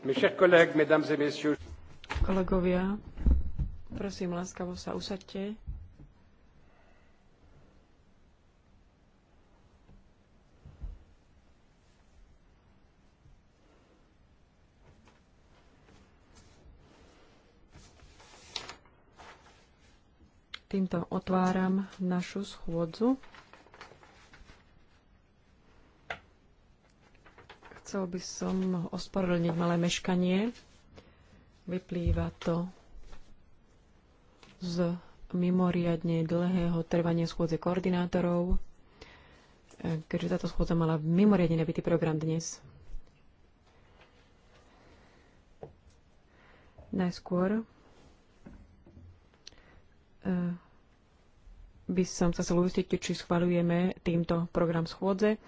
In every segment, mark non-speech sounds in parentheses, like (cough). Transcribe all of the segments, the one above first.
Kolegovia, prosím, láskavo sa usadte. Týmto otváram našu schôdzu. Chcel by som ospravedlniť malé meškanie. Vyplýva to z mimoriadne dlhého trvania schôdze koordinátorov, keďže táto schôdza mala mimoriadne nabitý program dnes. Najskôr e, by som sa chcel uistiť, či schvalujeme týmto program schôdze.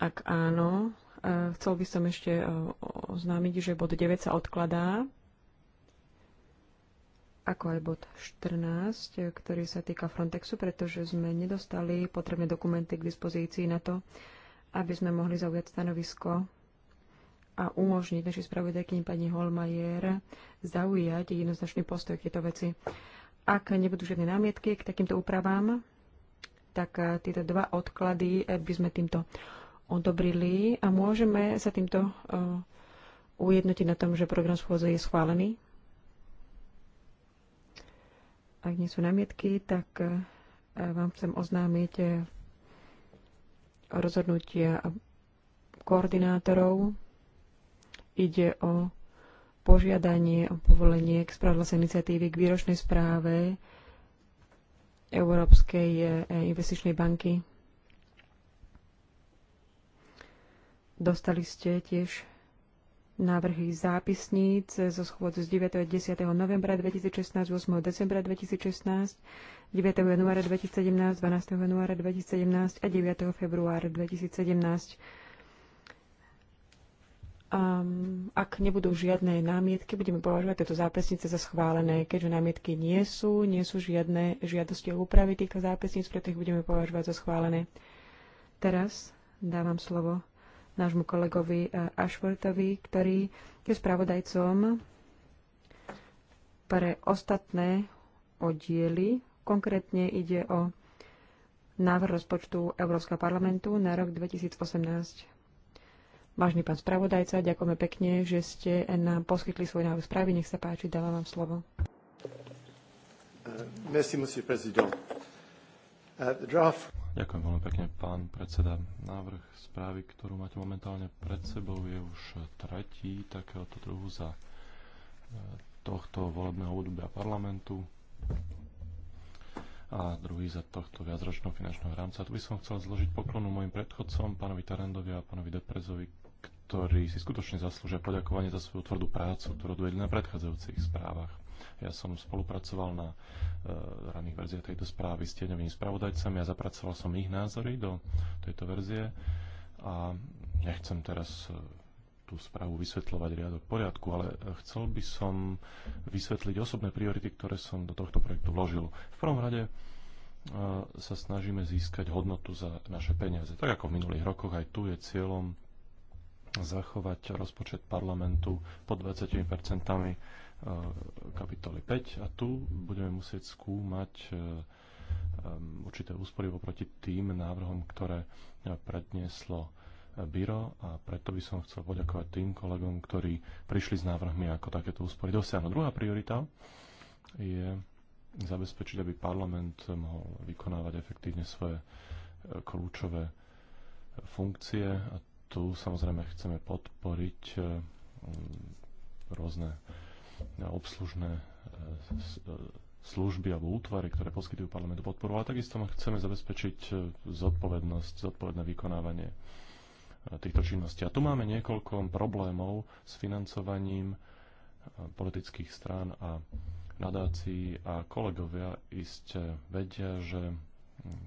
Ak áno, Eh, chcel by som ešte eh, oznámiť, že bod 9 sa odkladá, ako aj bod 14, eh, ktorý sa týka Frontexu, pretože sme nedostali potrebné dokumenty k dispozícii na to, aby sme mohli zaujať stanovisko a umožniť našej spravodajkyni pani Holmajer zaujať jednoznačný postoj k tejto veci. Ak nebudú žiadne námietky k takýmto úpravám, tak tieto dva odklady by sme týmto odobrili a môžeme sa týmto uh, ujednotiť na tom, že program schôdze je schválený. Ak nie sú námietky, tak uh, vám chcem oznámiť uh, rozhodnutia koordinátorov. Ide o požiadanie o povolenie k spravodlivej iniciatívy k výročnej správe Európskej investičnej banky Dostali ste tiež návrhy zápisníc zo schôdzu z 9. 10. novembra 2016, 8. decembra 2016, 9. januára 2017, 12. januára 2017 a 9. februára 2017. Um, ak nebudú žiadne námietky, budeme považovať tieto zápisnice za schválené. Keďže námietky nie sú, nie sú žiadne žiadosti o úpravy týchto zápisníc, preto ich budeme považovať za schválené. Teraz dávam slovo nášmu kolegovi eh, Ashworthovi, ktorý je spravodajcom pre ostatné oddiely. Konkrétne ide o návrh rozpočtu Európskeho parlamentu na rok 2018. Vážny pán spravodajca, ďakujeme pekne, že ste nám poskytli svoj návrh správy. Nech sa páči, dávam vám slovo. Uh, merci, monsieur président. Uh, draft... Ďakujem veľmi pekne, pán predseda. Návrh správy, ktorú máte momentálne pred sebou, je už tretí takéhoto druhu za e, tohto volebného obdobia parlamentu a druhý za tohto viacročného finančného rámca. Tu by som chcel zložiť poklonu mojim predchodcom, pánovi Tarandovi a pánovi Deprezovi, ktorí si skutočne zaslúžia poďakovanie za svoju tvrdú prácu, ktorú odvedli na predchádzajúcich správach. Ja som spolupracoval na e, raných verziách tejto správy s tieňovými spravodajcami a zapracoval som ich názory do tejto verzie a nechcem teraz eh, tú správu vysvetľovať riadok poriadku, ale eh, chcel by som vysvetliť osobné priority, ktoré som do tohto projektu vložil. V prvom rade sa snažíme získať hodnotu za naše peniaze. Tak ako v minulých rokoch, aj tu je cieľom zachovať rozpočet parlamentu pod 20 Eh, kapitoly 5 a tu budeme musieť skúmať eh, určité úspory oproti tým návrhom, ktoré eh, prednieslo byro a preto by som chcel poďakovať tým kolegom, ktorí prišli s návrhmi, ako takéto úspory dosiahnu. Druhá priorita je zabezpečiť, aby parlament mohol vykonávať efektívne svoje kľúčové funkcie a tu samozrejme chceme podporiť rôzne obslužné e, e, služby alebo útvary, ktoré poskytujú parlamentu podporu, ale takisto chceme zabezpečiť e, zodpovednosť, zodpovedné vykonávanie týchto činností. A tu máme niekoľko problémov s financovaním politických strán a nadácií a kolegovia iste vedia, že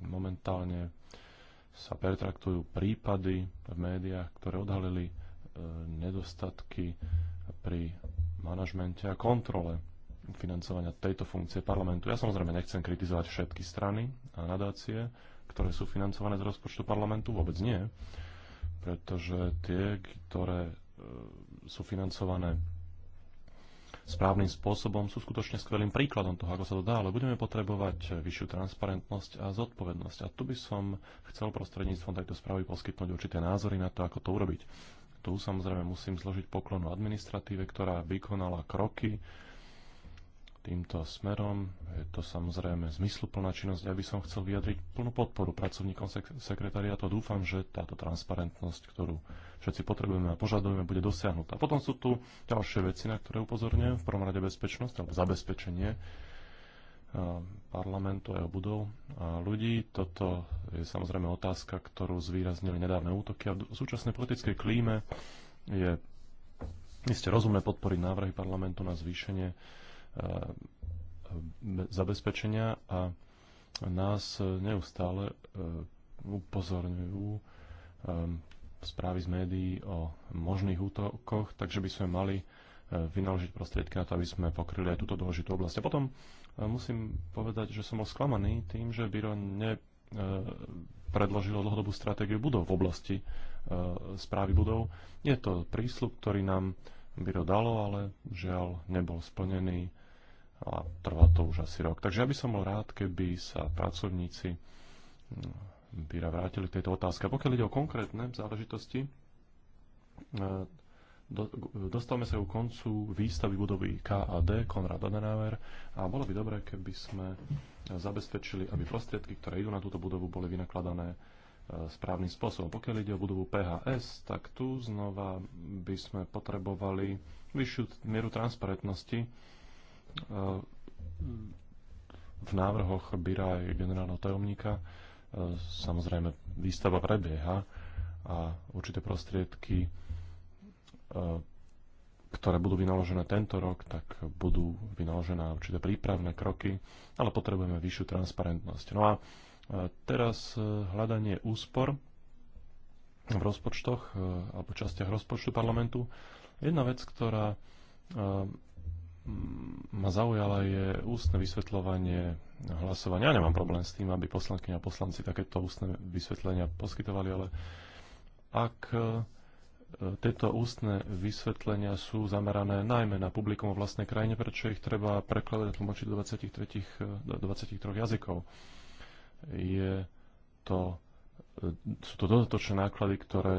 momentálne sa pertraktujú prípady v médiách, ktoré odhalili nedostatky pri manažmente a kontrole financovania tejto funkcie parlamentu. Ja samozrejme nechcem kritizovať všetky strany a nadácie, ktoré sú financované z rozpočtu parlamentu, vôbec nie, pretože tie, ktoré e, sú financované správnym spôsobom, sú skutočne skvelým príkladom toho, ako sa to dá, ale budeme potrebovať vyššiu transparentnosť a zodpovednosť. A tu by som chcel prostredníctvom tejto správy poskytnúť určité názory na to, ako to urobiť tu samozrejme musím zložiť poklonu administratíve, ktorá vykonala kroky týmto smerom. Je to samozrejme zmysluplná činnosť. Ja by som chcel vyjadriť plnú podporu pracovníkom sek- sekretariátu. Dúfam, že táto transparentnosť, ktorú všetci potrebujeme a požadujeme, bude dosiahnutá. Potom sú tu ďalšie veci, na ktoré upozorňujem. V prvom rade bezpečnosť alebo zabezpečenie Eh, parlamentu a jeho budov a ľudí. Toto je samozrejme otázka, ktorú zvýraznili nedávne útoky a v súčasnej politickej klíme je iste rozumné podporiť návrhy parlamentu na zvýšenie eh, zabezpečenia a nás neustále eh, upozorňujú správy z médií o možných útokoch, takže by sme mali vynaložiť prostriedky na to, aby sme pokryli aj túto dôležitú oblasť. A potom Musím povedať, že som bol tým, že Biro nepredložilo e, dlhodobú stratégiu budov v oblasti e, správy budov. Je to prísľub, ktorý nám Biro dalo, ale žiaľ nebol splnený a trvá to už asi rok. Takže ja by som bol rád, keby sa pracovníci mm, Bira vrátili k tejto otázke. pokiaľ ide o konkrétne záležitosti, e, do, dostávame sa ku koncu výstavy budovy KAD Konrad Adenauer a bolo by dobré, keby sme zabezpečili, aby prostriedky, ktoré idú na túto budovu, boli vynakladané e, správnym spôsobom. Pokiaľ ide o budovu PHS, tak tu znova by sme potrebovali vyššiu mieru transparentnosti e, v návrhoch byra aj generálneho tajomníka. E, samozrejme, výstava prebieha a určité prostriedky E, ktoré budú vynaložené tento rok, tak budú vynaložené určité prípravné kroky, ale potrebujeme vyššiu transparentnosť. No a e, teraz e, hľadanie úspor v rozpočtoch alebo častiach rozpočtu parlamentu. Jedna vec, ktorá ma zaujala je ústne vysvetľovanie hlasovania. Ja nemám problém s tým, aby poslanky a poslanci takéto ústne vysvetlenia poskytovali, ale ak tieto ústne vysvetlenia sú zamerané najmä na publikum v vlastnej krajine, prečo ich treba prekladať a tlmočiť do 23, 23 jazykov. Je to, sú to dodatočné náklady, ktoré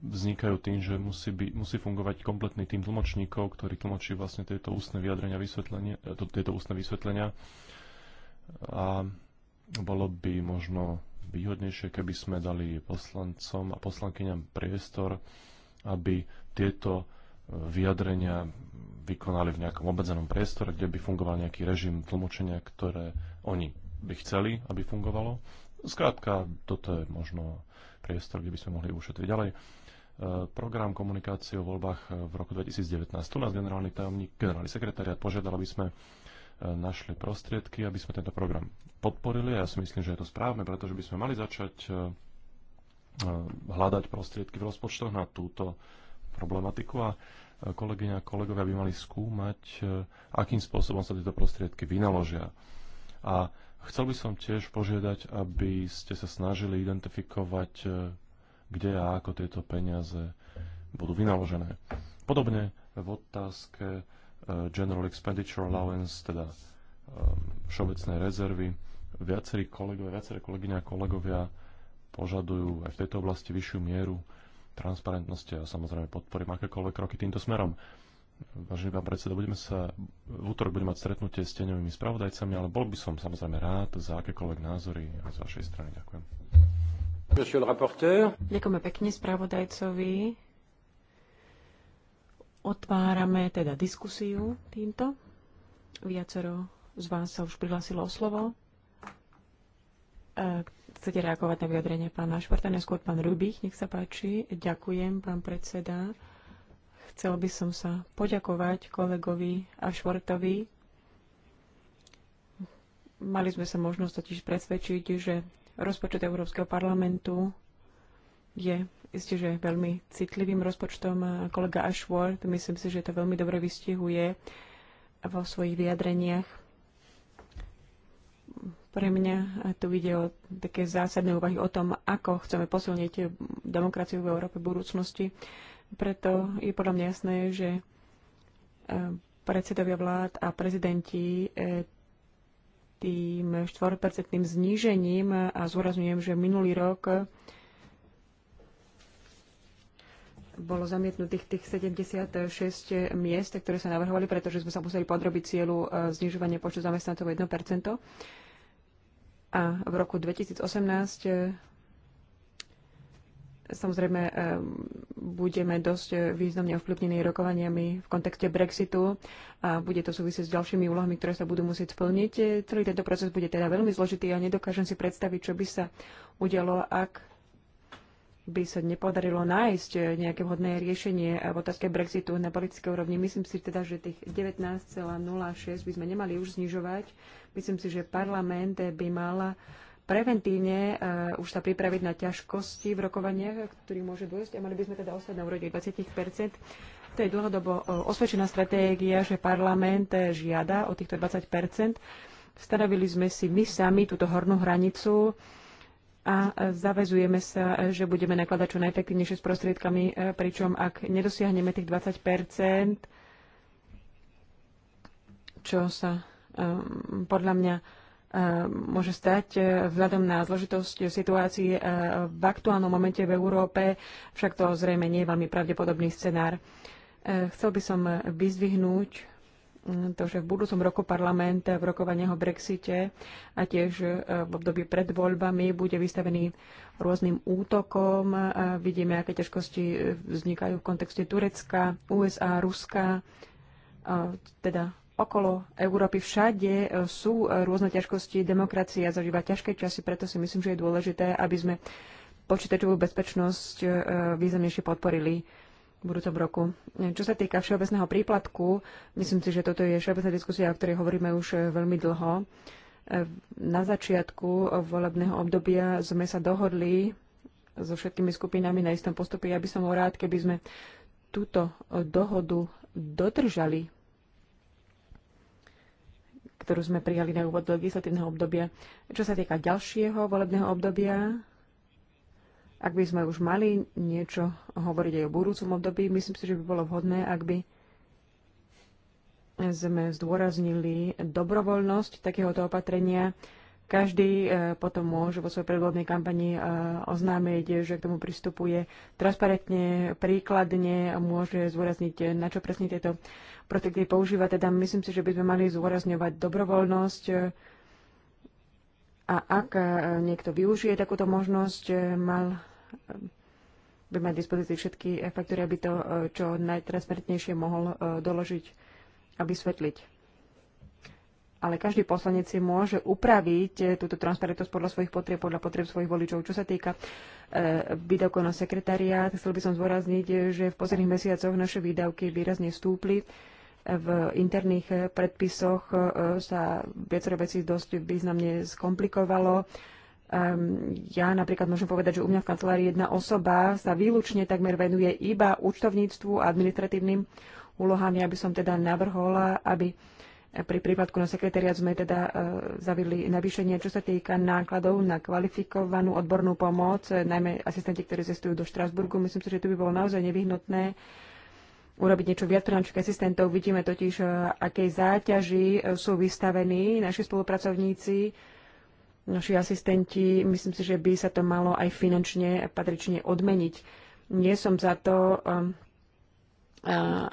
vznikajú tým, že musí, by, musí fungovať kompletný tým tlmočníkov, ktorý tlmočí vlastne tieto ústne vyjadrenia, vysvetlenia, e, tieto ústne vysvetlenia. A bolo by možno výhodnejšie, keby sme dali poslancom a poslankyňam priestor, aby tieto e, vyjadrenia vykonali v nejakom obmedzenom priestore, kde by fungoval nejaký režim tlmočenia, ktoré oni by chceli, aby fungovalo. Zkrátka, toto je možno priestor, kde by sme mohli ušetriť ďalej. E, program komunikácie o voľbách v roku 2019. Tu nás generálny tajomník, generálny sekretariat požiadal, aby sme našli prostriedky, aby sme tento program podporili. Ja si myslím, že je to správne, pretože by sme mali začať e, e, hľadať prostriedky v rozpočtoch na túto problematiku a e, kolegyňa a kolegovia by mali skúmať, akým spôsobom sa tieto prostriedky vynaložia. A chcel by som tiež požiadať, aby ste sa snažili identifikovať, kde a ako tieto peniaze budú vynaložené. Podobne v otázke Eh, general Expenditure Allowance, teda eh, všeobecné rezervy. Viacerí kolegovia, viaceré kolegyne a kolegovia požadujú aj v tejto oblasti vyššiu mieru transparentnosti a samozrejme podporím akékoľvek kroky týmto smerom. Vážený pán predseda, budeme sa, v útorok budeme mať stretnutie s teňovými spravodajcami, ale bol by som samozrejme rád za akékoľvek názory aj z vašej strany. Ďakujem. Ďakujeme pekne spravodajcovi. Otvárame teda diskusiu týmto. Viacero z vás sa už prihlásilo o slovo. E, chcete reagovať na vyjadrenie pána Športa, neskôr pán Rubich, nech sa páči. Ďakujem, pán predseda. Chcel by som sa poďakovať kolegovi Ašvortovi. Mali sme sa možnosť totiž presvedčiť, že rozpočet Európskeho parlamentu je isté, že veľmi citlivým rozpočtom. Kolega Ashworth, myslím si, že to veľmi dobre vystihuje vo svojich vyjadreniach. Pre mňa tu ide o také zásadné úvahy o tom, ako chceme posilniť demokraciu v Európe v budúcnosti. Preto je podľa mňa jasné, že e, predsedovia vlád a prezidenti e, tým 4 znížením, a zúrazňujem, že minulý rok bolo zamietnutých tých 76 miest, ktoré sa navrhovali, pretože sme sa museli podrobiť cieľu e, znižovania počtu zamestnancov 1%. A v roku 2018 e, samozrejme e, budeme dosť významne ovplyvnení rokovaniami v kontekste Brexitu a bude to súvisieť s ďalšími úlohami, ktoré sa budú musieť splniť. Celý tento proces bude teda veľmi zložitý a nedokážem si predstaviť, čo by sa udialo, ak by sa nepodarilo nájsť eh, nejaké vhodné riešenie eh, v otázke Brexitu na politické úrovni. Myslím si teda, že tých 19,06 by sme nemali už znižovať. Myslím si, že parlament eh, by mal preventívne uh, už sa pripraviť na ťažkosti v rokovaniach, ktorý môže dôjsť a mali by sme teda ostať na úrovni 20 To je dlhodobo osvedčená stratégia, že parlament žiada o týchto 20 Stanovili sme si my sami túto hornú hranicu. Uh, a zavezujeme sa, že budeme nakladať čo najefektívnejšie s prostriedkami, e, pričom ak nedosiahneme tých 20 čo sa um, podľa mňa e, môže stať e, vzhľadom na zložitosť situácií v aktuálnom momente v Európe, však to zrejme nie je veľmi pravdepodobný scenár. Chcel by som vyzvihnúť Mm, to, že v budúcom roku parlament v rokovaniach o Brexite a tiež e, v období pred voľbami bude vystavený rôznym útokom. A e, vidíme, aké ťažkosti e, vznikajú v kontexte Turecka, USA, Ruska, teda okolo Európy všade sú rôzne ťažkosti, demokracia zažíva ťažké časy, preto si myslím, že je dôležité, aby sme počítačovú bezpečnosť významnejšie podporili v budúcom roku. Čo sa týka všeobecného príplatku, myslím si, že toto je všeobecná diskusia, o ktorej hovoríme už eh, veľmi dlho. Eh, na začiatku volebného obdobia sme sa dohodli so všetkými skupinami na istom postupe. Ja by som bol rád, keby sme túto eh, dohodu dodržali, ktorú sme prijali na úvod legislatívneho obdobia. Čo sa týka ďalšieho volebného obdobia, ak by sme už mali niečo hovoriť aj o budúcom období, myslím si, že by bolo vhodné, ak by sme zdôraznili dobrovoľnosť takéhoto opatrenia. Každý e, potom môže vo svojej predvolebnej kampani e, oznámiť, že k tomu pristupuje transparentne, príkladne, a môže zdôrazniť, e, na čo presne tieto protekty používa. Teda myslím si, že by sme mali zdôrazňovať dobrovoľnosť, a ak e, niekto využije takúto možnosť, e, mal e, by mať dispozícii všetky faktory, aby to čo najtransparentnejšie mohol doložiť a vysvetliť. Ale každý poslanec si môže upraviť túto transparentnosť podľa svojich potrieb, podľa potrieb svojich voličov. Čo sa týka výdavkov na sekretariát, chcel by som zdôrazniť, že v posledných mesiacoch naše výdavky výrazne stúpli v interných predpisoch e, sa viacero vecí dosť významne skomplikovalo. Ehm, ja napríklad môžem povedať, že u mňa v kancelárii jedna osoba sa výlučne takmer venuje iba účtovníctvu a administratívnym úlohám. Ja by som teda navrhola, aby pri prípadku na sekretariat sme teda e, zavili navýšenie, čo sa týka nákladov na kvalifikovanú odbornú pomoc, e, najmä asistenti, ktorí cestujú do Štrasburgu. Myslím si, že to by bolo naozaj nevyhnutné urobiť niečo viac pre našich asistentov. Vidíme totiž, e, akej záťaži e, sú vystavení naši spolupracovníci, naši asistenti. Myslím si, že by sa to malo aj finančne patrične odmeniť. Nie som za to, um,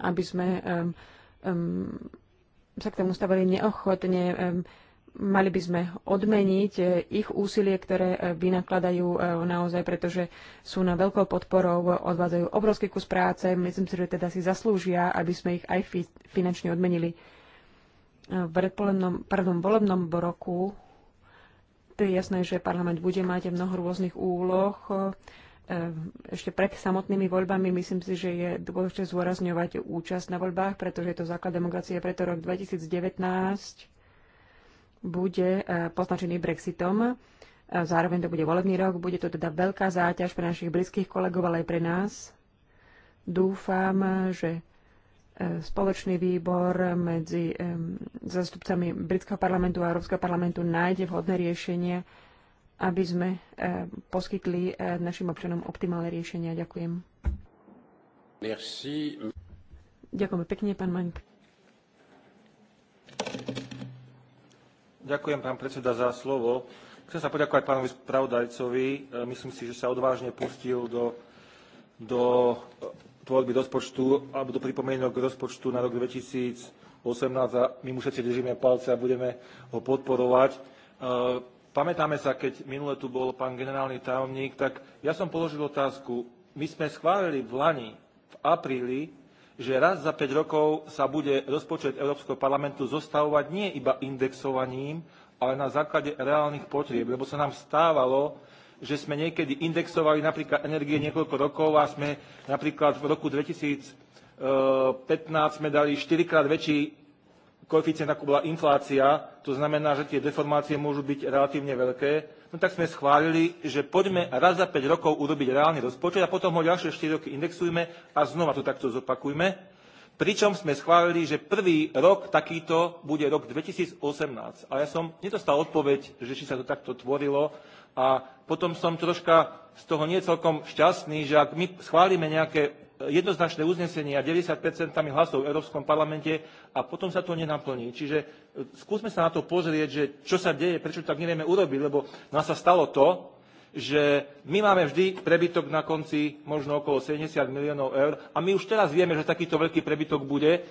aby sme um, um, sa k tomu stavili neochotne mali by sme odmeniť eh, ich úsilie, ktoré eh, vynakladajú eh, naozaj, pretože sú na veľkou podporou, odvádzajú obrovský kus práce. Myslím si, že teda si zaslúžia, aby sme ich aj finančne odmenili. V predpolemnom, pardon, volebnom roku to je jasné, že parlament bude mať mnoho rôznych úloh. Ešte pred samotnými voľbami myslím si, že je dôležité zôrazňovať účasť na voľbách, pretože je to základ demokracie. Preto rok 2019 bude e, poznačený Brexitom. E, zároveň to bude volebný rok, bude to teda veľká záťaž pre našich blízkych kolegov, ale aj pre nás. Dúfam, že e, spoločný výbor medzi zastupcami britského parlamentu a Európskeho parlamentu nájde vhodné riešenie, aby sme poskytli našim občanom optimálne riešenia. Ďakujem. Merci. Ďakujem pekne, pán Maňk. Ďakujem, pán predseda, za slovo. Chcem sa poďakovať pánovi spravodajcovi. E, myslím si, že sa odvážne pustil do, do tvorby rozpočtu alebo do pripomienok rozpočtu na rok 2018 a my mu všetci držíme palce a budeme ho podporovať. E, pamätáme sa, keď minule tu bol pán generálny tajomník, tak ja som položil otázku. My sme schválili v Lani, v apríli, že raz za 5 rokov sa bude rozpočet Európskeho parlamentu zostavovať nie iba indexovaním, ale na základe reálnych potrieb, lebo sa nám stávalo, že sme niekedy indexovali napríklad energie niekoľko rokov a sme napríklad v roku 2015 e, sme dali 4 krát väčší koeficient, ako bola inflácia, to znamená, že tie deformácie môžu byť relatívne veľké, no tak sme schválili, že poďme raz za 5 rokov urobiť reálny rozpočet a potom ho ďalšie 4 roky indexujme a znova to takto zopakujme. Pričom sme schválili, že prvý rok takýto bude rok 2018. Ale ja som nedostal odpoveď, že či sa to takto tvorilo a potom som troška z toho nie celkom šťastný, že ak my schválime nejaké jednoznačné uznesenia 90 hlasov v Európskom parlamente a potom sa to nenaplní. Čiže e, skúsme sa na to pozrieť, že čo sa deje, prečo tak nevieme urobiť, lebo nás sa stalo to, že my máme vždy prebytok na konci možno okolo 70 miliónov eur a my už teraz vieme, že takýto veľký prebytok bude,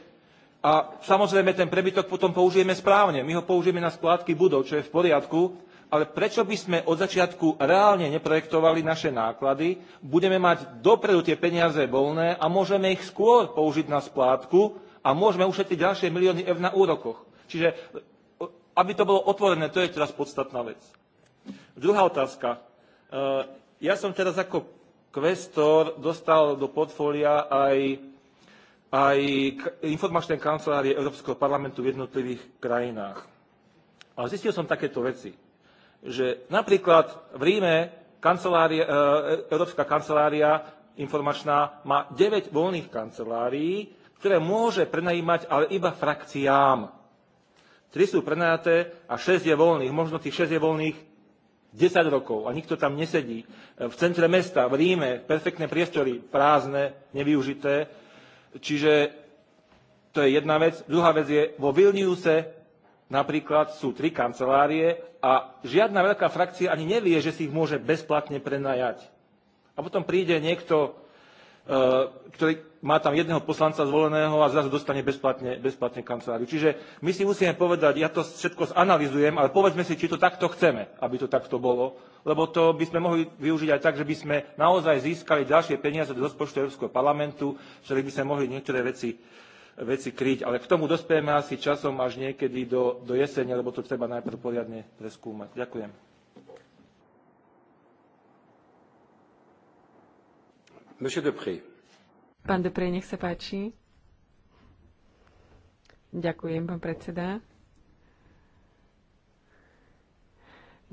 a samozrejme ten prebytok potom použijeme správne. My ho použijeme na splátky budov, čo je v poriadku, ale prečo by sme od začiatku reálne neprojektovali naše náklady, budeme mať dopredu tie peniaze voľné a môžeme ich skôr použiť na splátku a môžeme ušetriť ďalšie milióny eur na úrokoch. Čiže aby to bolo otvorené, to je teraz podstatná vec. Druhá otázka. E, ja som teraz ako kvestor dostal do portfólia aj, aj informačné kancelárie Európskeho parlamentu v jednotlivých krajinách. A zistil som takéto veci že napríklad v Ríme kancelária, e, Európska kancelária informačná má 9 voľných kancelárií, ktoré môže prenajímať, ale iba frakciám. Tri sú prenajaté a 6 je voľných. Možno tých 6 je voľných 10 rokov a nikto tam nesedí. E, v centre mesta, v Ríme, perfektné priestory, prázdne, nevyužité. Čiže to je jedna vec. Druhá vec je, vo Vilniuse Napríklad sú tri kancelárie a žiadna veľká frakcia ani nevie, že si ich môže bezplatne prenajať. A potom príde niekto, e, ktorý má tam jedného poslanca zvoleného a zrazu dostane bezplatne, bezplatne kanceláriu. Čiže my si musíme povedať, ja to všetko zanalizujem, ale povedzme si, či to takto chceme, aby to takto bolo, lebo to by sme mohli využiť aj tak, že by sme naozaj získali ďalšie peniaze do rozpočtu Európskeho parlamentu, ktorých by sme mohli niektoré veci veci kryť. Ale k tomu dospieme asi časom až niekedy do, do jesene, lebo to treba najprv poriadne preskúmať. Ďakujem. Pán Depré, nech sa páči. Ďakujem, pán predseda.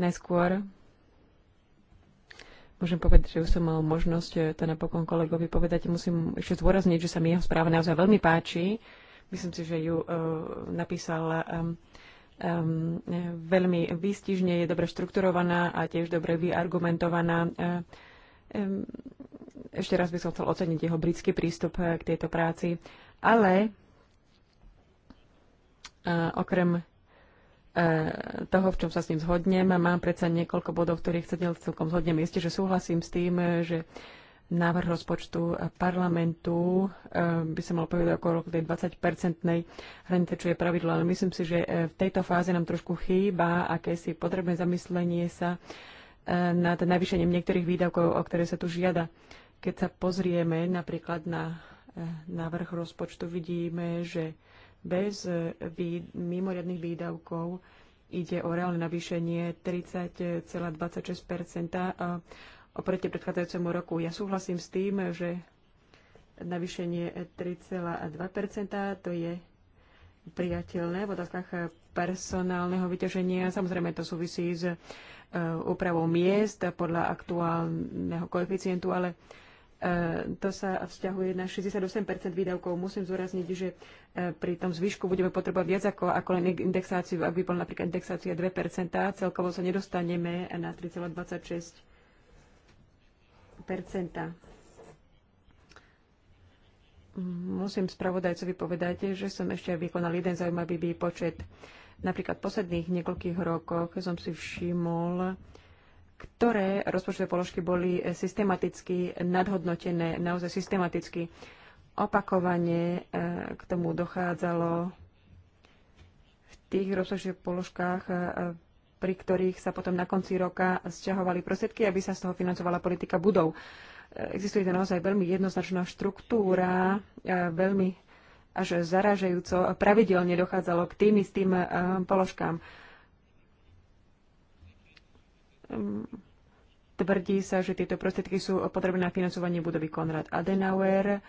Najskôr Môžem povedať, že už som mal možnosť eh, to napokon kolegovi povedať. Musím ešte zdôrazniť, že sa mi jeho správa naozaj veľmi páči. Myslím si, že ju uh, napísal um, um, veľmi výstižne, je dobre štrukturovaná a tiež dobre vyargumentovaná. Um, ešte raz by som chcel oceniť jeho britský prístup k tejto práci. Ale uh, okrem E, toho, v čom sa s ním zhodnem. Mám predsa niekoľko bodov, ktorých sa celkom zhodnem. Isté, že súhlasím s tým, že návrh rozpočtu parlamentu e, by sa mal povedať okolo tej 20-percentnej hranice, čo je pravidlo. Ale myslím si, že e, v tejto fáze nám trošku chýba akési potrebné zamyslenie sa nad navýšením niektorých výdavkov, o ktoré sa tu žiada. Keď sa pozrieme napríklad na návrh rozpočtu, vidíme, že bez e, vý, mimoriadných výdavkov ide o reálne navýšenie 30,26 e, oproti predchádzajúcemu roku. Ja súhlasím s tým, že navýšenie 3,2 to je priateľné v otázkach personálneho vyťaženia. Samozrejme, to súvisí s e, úpravou miest podľa aktuálneho koeficientu, ale E, to sa vzťahuje na 68 výdavkov. Musím zúrazniť, že e, pri tom zvyšku budeme potrebovať viac ako, ako len indexáciu. Ak by bola napríklad indexácia 2 celkovo sa nedostaneme na 3,26 Musím spravodajcovi povedať, že som ešte vykonal jeden zaujímavý výpočet. Napríklad v posledných niekoľkých rokoch som si všimol, ktoré rozpočtové položky boli systematicky nadhodnotené, naozaj systematicky. Opakovane e, k tomu dochádzalo v tých rozpočtových položkách, e, pri ktorých sa potom na konci roka sťahovali prostriedky, aby sa z toho financovala politika budov. E, existuje to naozaj veľmi jednoznačná štruktúra, veľmi až zaražajúco pravidelne dochádzalo k tým istým položkám. Tvrdí sa, že tieto prostriedky sú potrebné na financovanie budovy Konrad Adenauer.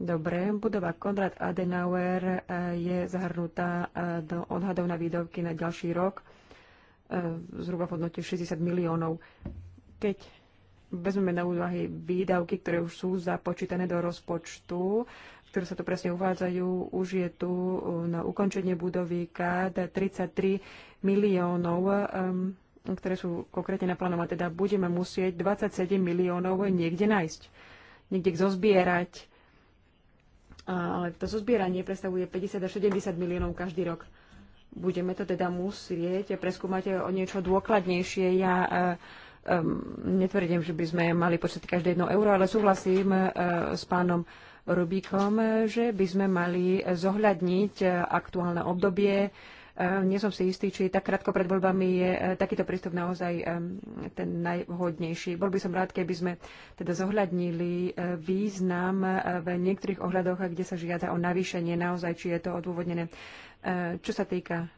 Dobre, budova Konrad Adenauer eh, je zahrnutá eh, do odhadov na výdavky na ďalší rok eh, zhruba v hodnote 60 miliónov. Keď vezmeme na úvahy výdavky, ktoré už sú započítané do rozpočtu, ktoré sa tu presne uvádzajú, už je tu na ukončenie budovy KD 33 miliónov. Um, ktoré sú konkrétne naplánované. Teda budeme musieť 27 miliónov niekde nájsť, niekde zozbierať. Ale to zozbieranie predstavuje 50 až 70 miliónov každý rok. Budeme to teda musieť preskúmať o niečo dôkladnejšie. Ja um, netvrdím, že by sme mali počítať každé jedno euro, ale súhlasím uh, s pánom Rubíkom, že by sme mali zohľadniť aktuálne obdobie, E, nie som si istý, či tak krátko pred voľbami je e, takýto prístup naozaj e, ten najvhodnejší. Bol by som rád, keby sme teda zohľadnili význam v niektorých ohľadoch, kde sa žiada o navýšenie naozaj, či je to odôvodnené. Čo sa týka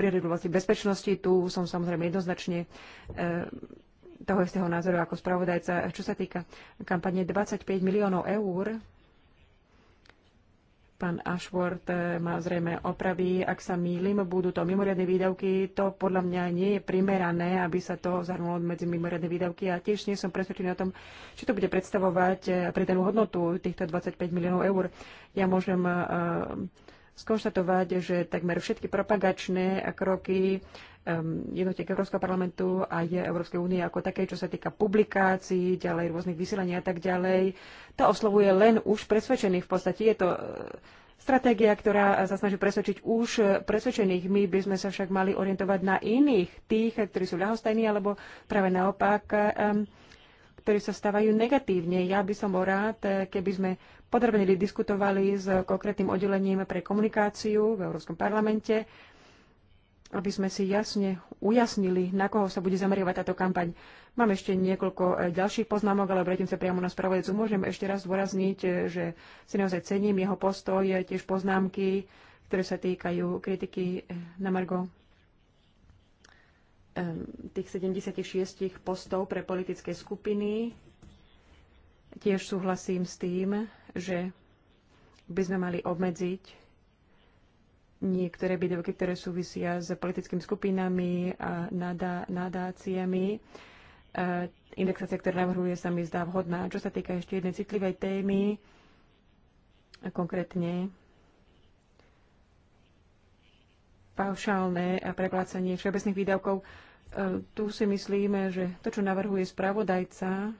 prioritovlasti bezpečnosti, tu som samozrejme jednoznačne toho istého názoru ako spravodajca. Čo sa týka kampane 25 miliónov eur, Pán Ashworth eh, má zrejme opravy. Ak sa mýlim, budú to mimoriadne výdavky. To podľa mňa nie je primerané, aby sa to zahrnulo medzi mimoriadne výdavky. A tiež nie som presvedčený o tom, či to bude predstavovať eh, pre hodnotu týchto 25 miliónov eur. Ja môžem uh, skonštatovať, že takmer všetky propagačné kroky jednotiek Európskeho parlamentu a je Európskej únie ako také, čo sa týka publikácií, ďalej rôznych vysielaní a tak ďalej. To oslovuje len už presvedčených v podstate. Je to eh, stratégia, ktorá sa snaží presvedčiť už presvedčených. My by sme sa však mali orientovať na iných, tých, ktorí sú ľahostajní, alebo práve naopak, ktorí sa stávajú negatívne. Ja by som bol rád, eh, keby sme podrobne diskutovali s konkrétnym oddelením pre komunikáciu v Európskom parlamente, aby sme si jasne ujasnili, na koho sa bude zameriavať táto kampaň. Mám ešte niekoľko e, ďalších poznámok, ale obratím sa priamo na spravodajcu. Môžem ešte raz zdôrazniť, e, že si naozaj cením jeho postoj, e, tiež poznámky, ktoré sa týkajú kritiky na Margo tých 76 postov pre politické skupiny. Tiež súhlasím s tým, že by sme mali obmedziť niektoré výdavky, ktoré súvisia s politickými skupinami a nadá, nadáciami. E, indexácia, ktorá navrhuje, sa mi zdá vhodná. Čo sa týka ešte jednej citlivej témy, a konkrétne paušálne preplácanie všeobecných výdavkov, e, tu si myslíme, že to, čo navrhuje spravodajca,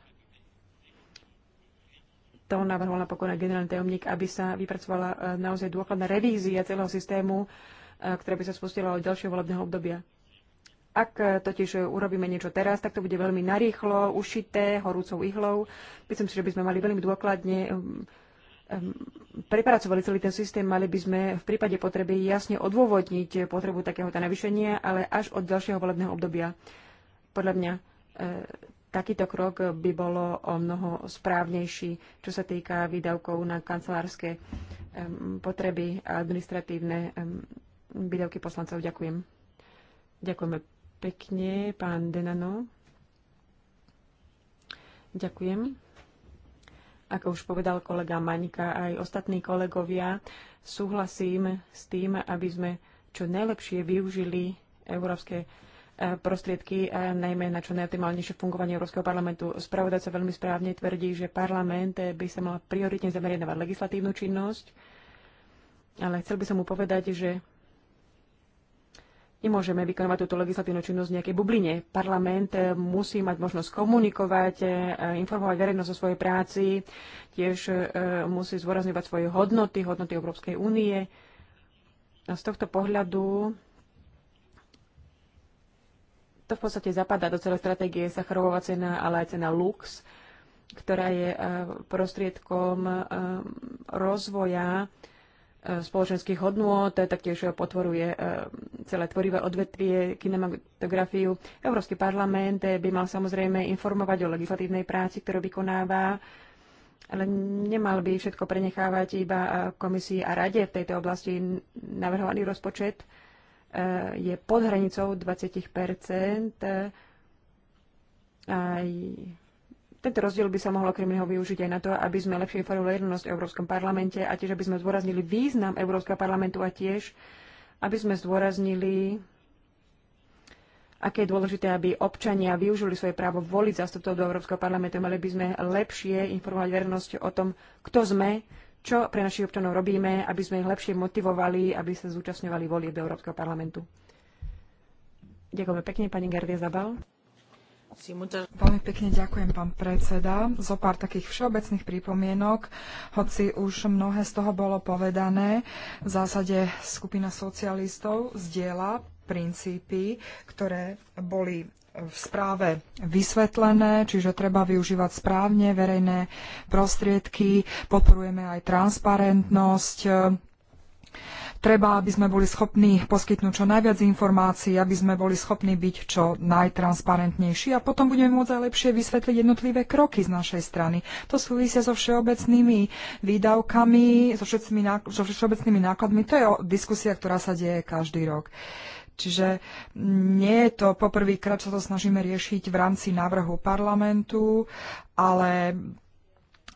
to navrhol napokon aj generálny tajomník, aby sa vypracovala e, naozaj dôkladná revízia celého systému, e, ktorá by sa spustila od ďalšieho volebného obdobia. Ak e, totiž urobíme niečo teraz, tak to bude veľmi narýchlo, ušité, horúcou ihlou. Myslím si, že by sme mali veľmi dôkladne prepracovali celý ten systém, mali by sme v prípade potreby jasne odôvodniť potrebu takéhoto navýšenia, ale až od ďalšieho volebného obdobia. Podľa mňa takýto krok by bolo o mnoho správnejší, čo sa týka výdavkov na kancelárske potreby a administratívne výdavky poslancov. Ďakujem. Ďakujeme pekne, pán Denano. Ďakujem. Ako už povedal kolega a aj ostatní kolegovia, súhlasím s tým, aby sme čo najlepšie využili európske prostriedky, najmä na čo najoptimálnejšie fungovanie Európskeho parlamentu. Spravodajca veľmi správne tvrdí, že parlament eh, by sa mal prioritne zamerať na legislatívnu činnosť, ale chcel by som mu povedať, že nemôžeme vykonávať túto legislatívnu činnosť v nejakej bubline. Parlament eh, musí mať možnosť komunikovať, eh, informovať verejnosť o svojej práci, tiež musí zdôrazňovať svoje hodnoty, hodnoty Európskej únie. A z tohto pohľadu to v podstate zapadá do celej stratégie Sacharová cena, ale aj cena Lux, ktorá je e, prostriedkom e, rozvoja e, spoločenských hodnôt, taktiež potvoruje celé tvorivé odvetvie, kinematografiu. Európsky parlament by mal samozrejme informovať o legislatívnej práci, ktorú vykonáva, ale nemal by všetko prenechávať iba komisii a rade v tejto oblasti navrhovaný rozpočet Eh, je pod hranicou 20 eh, Aj tento rozdiel by sa mohol okrem iného využiť aj na to, aby sme lepšie informovali verejnosť v Európskom parlamente a tiež, aby sme zdôraznili význam Európskeho parlamentu a tiež, aby sme zdôraznili, aké je dôležité, aby občania využili svoje právo voliť zastupcov do Európskeho parlamentu. Mali by sme lepšie informovať verejnosť o tom, kto sme, čo pre našich občanov robíme, aby sme ich lepšie motivovali, aby sa zúčastňovali volie do Európskeho parlamentu. Ďakujeme pekne, pani Gardia Zabal. Veľmi pekne ďakujem, pán predseda. Zo pár takých všeobecných pripomienok, hoci už mnohé z toho bolo povedané, v zásade skupina socialistov zdieľa princípy, ktoré boli v správe vysvetlené, čiže treba využívať správne verejné prostriedky, podporujeme aj transparentnosť, treba, aby sme boli schopní poskytnúť čo najviac informácií, aby sme boli schopní byť čo najtransparentnejší a potom budeme môcť aj lepšie vysvetliť jednotlivé kroky z našej strany. To súvisia so všeobecnými výdavkami, so, všetcimi, so všeobecnými nákladmi. To je diskusia, ktorá sa deje každý rok. Čiže nie je to poprvýkrát, čo to snažíme riešiť v rámci návrhu parlamentu, ale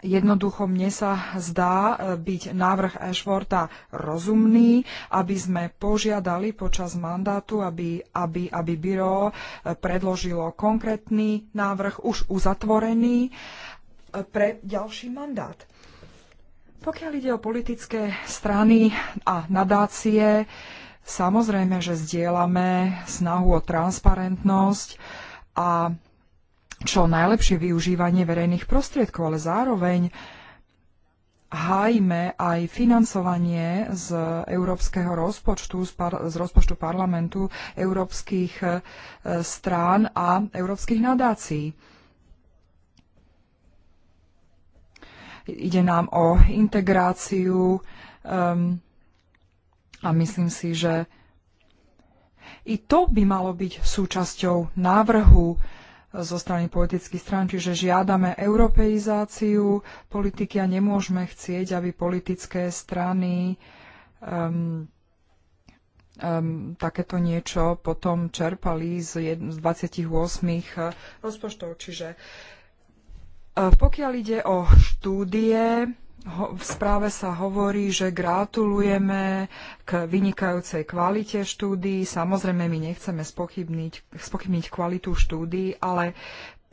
Jednoducho mne sa zdá e, byť návrh Ashworta rozumný, aby sme požiadali počas mandátu, aby, aby, aby byro e, predložilo konkrétny návrh, už uzatvorený, e, pre ďalší mandát. Pokiaľ ide o politické strany a nadácie, Samozrejme, že zdieľame snahu o transparentnosť a čo najlepšie využívanie verejných prostriedkov, ale zároveň hájme aj financovanie z európskeho rozpočtu, z, par, z rozpočtu parlamentu, európskych e, strán a európskych nadácií. Ide nám o integráciu um, a myslím si, že i to by malo byť súčasťou návrhu zo strany politických strán, čiže žiadame europeizáciu politiky a nemôžeme chcieť, aby politické strany um, um, takéto niečo potom čerpali z, jed, z 28 uh, rozpočtov. Čiže uh, pokiaľ ide o štúdie, v správe sa hovorí, že gratulujeme k vynikajúcej kvalite štúdií. Samozrejme, my nechceme spochybniť, spochybniť kvalitu štúdií, ale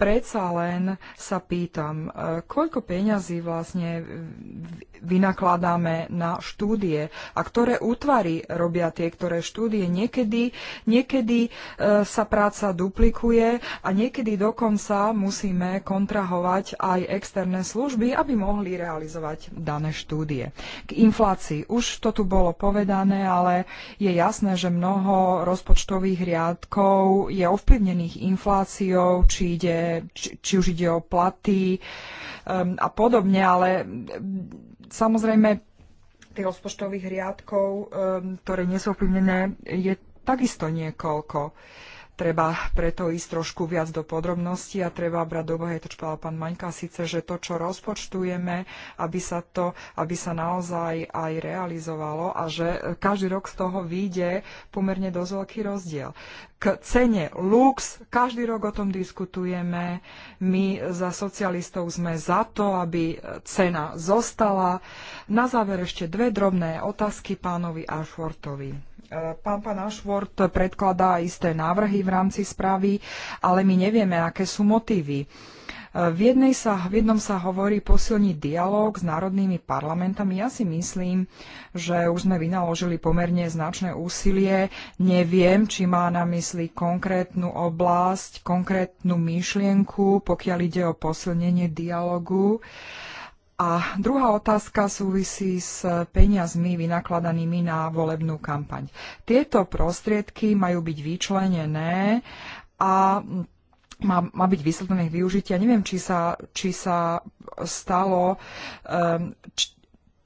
predsa len sa pýtam, e, koľko peňazí vlastne vynakladáme na štúdie a ktoré útvary robia tie, ktoré štúdie. Niekedy, niekedy e, sa práca duplikuje a niekedy dokonca musíme kontrahovať aj externé služby, aby mohli realizovať dané štúdie. K inflácii už to tu bolo povedané, ale je jasné, že mnoho rozpočtových riadkov je ovplyvnených infláciou, či ide či, či už ide o platy um, a podobne, ale um, samozrejme tých rozpočtových riadkov, um, ktoré nie sú ovplyvnené, je takisto niekoľko. Um, Treba preto ísť trošku viac do podrobností a treba brať do bohe, to čo povedal pán Maňka, síce, že to, čo rozpočtujeme, aby sa to, aby sa naozaj aj realizovalo a že každý rok z toho vyjde pomerne dosť veľký rozdiel. K cene lux, každý rok o tom diskutujeme. My za socialistov sme za to, aby cena zostala. Na záver ešte dve drobné otázky pánovi Ashfortovi E, pán pán Ashworth predkladá isté návrhy v rámci správy, ale my nevieme, aké sú motívy. E, v, jednej sa, v jednom sa hovorí posilniť dialog s národnými parlamentami. Ja si myslím, že už sme vynaložili pomerne značné úsilie. Neviem, či má na mysli konkrétnu oblasť, konkrétnu myšlienku, pokiaľ ide o posilnenie dialogu. Uh, a druhá otázka súvisí s peniazmi vynakladanými na volebnú kampaň. Tieto prostriedky majú byť vyčlenené a má, má byť výsledné ich využitia. Neviem, či sa, či sa stalo, ehm, či,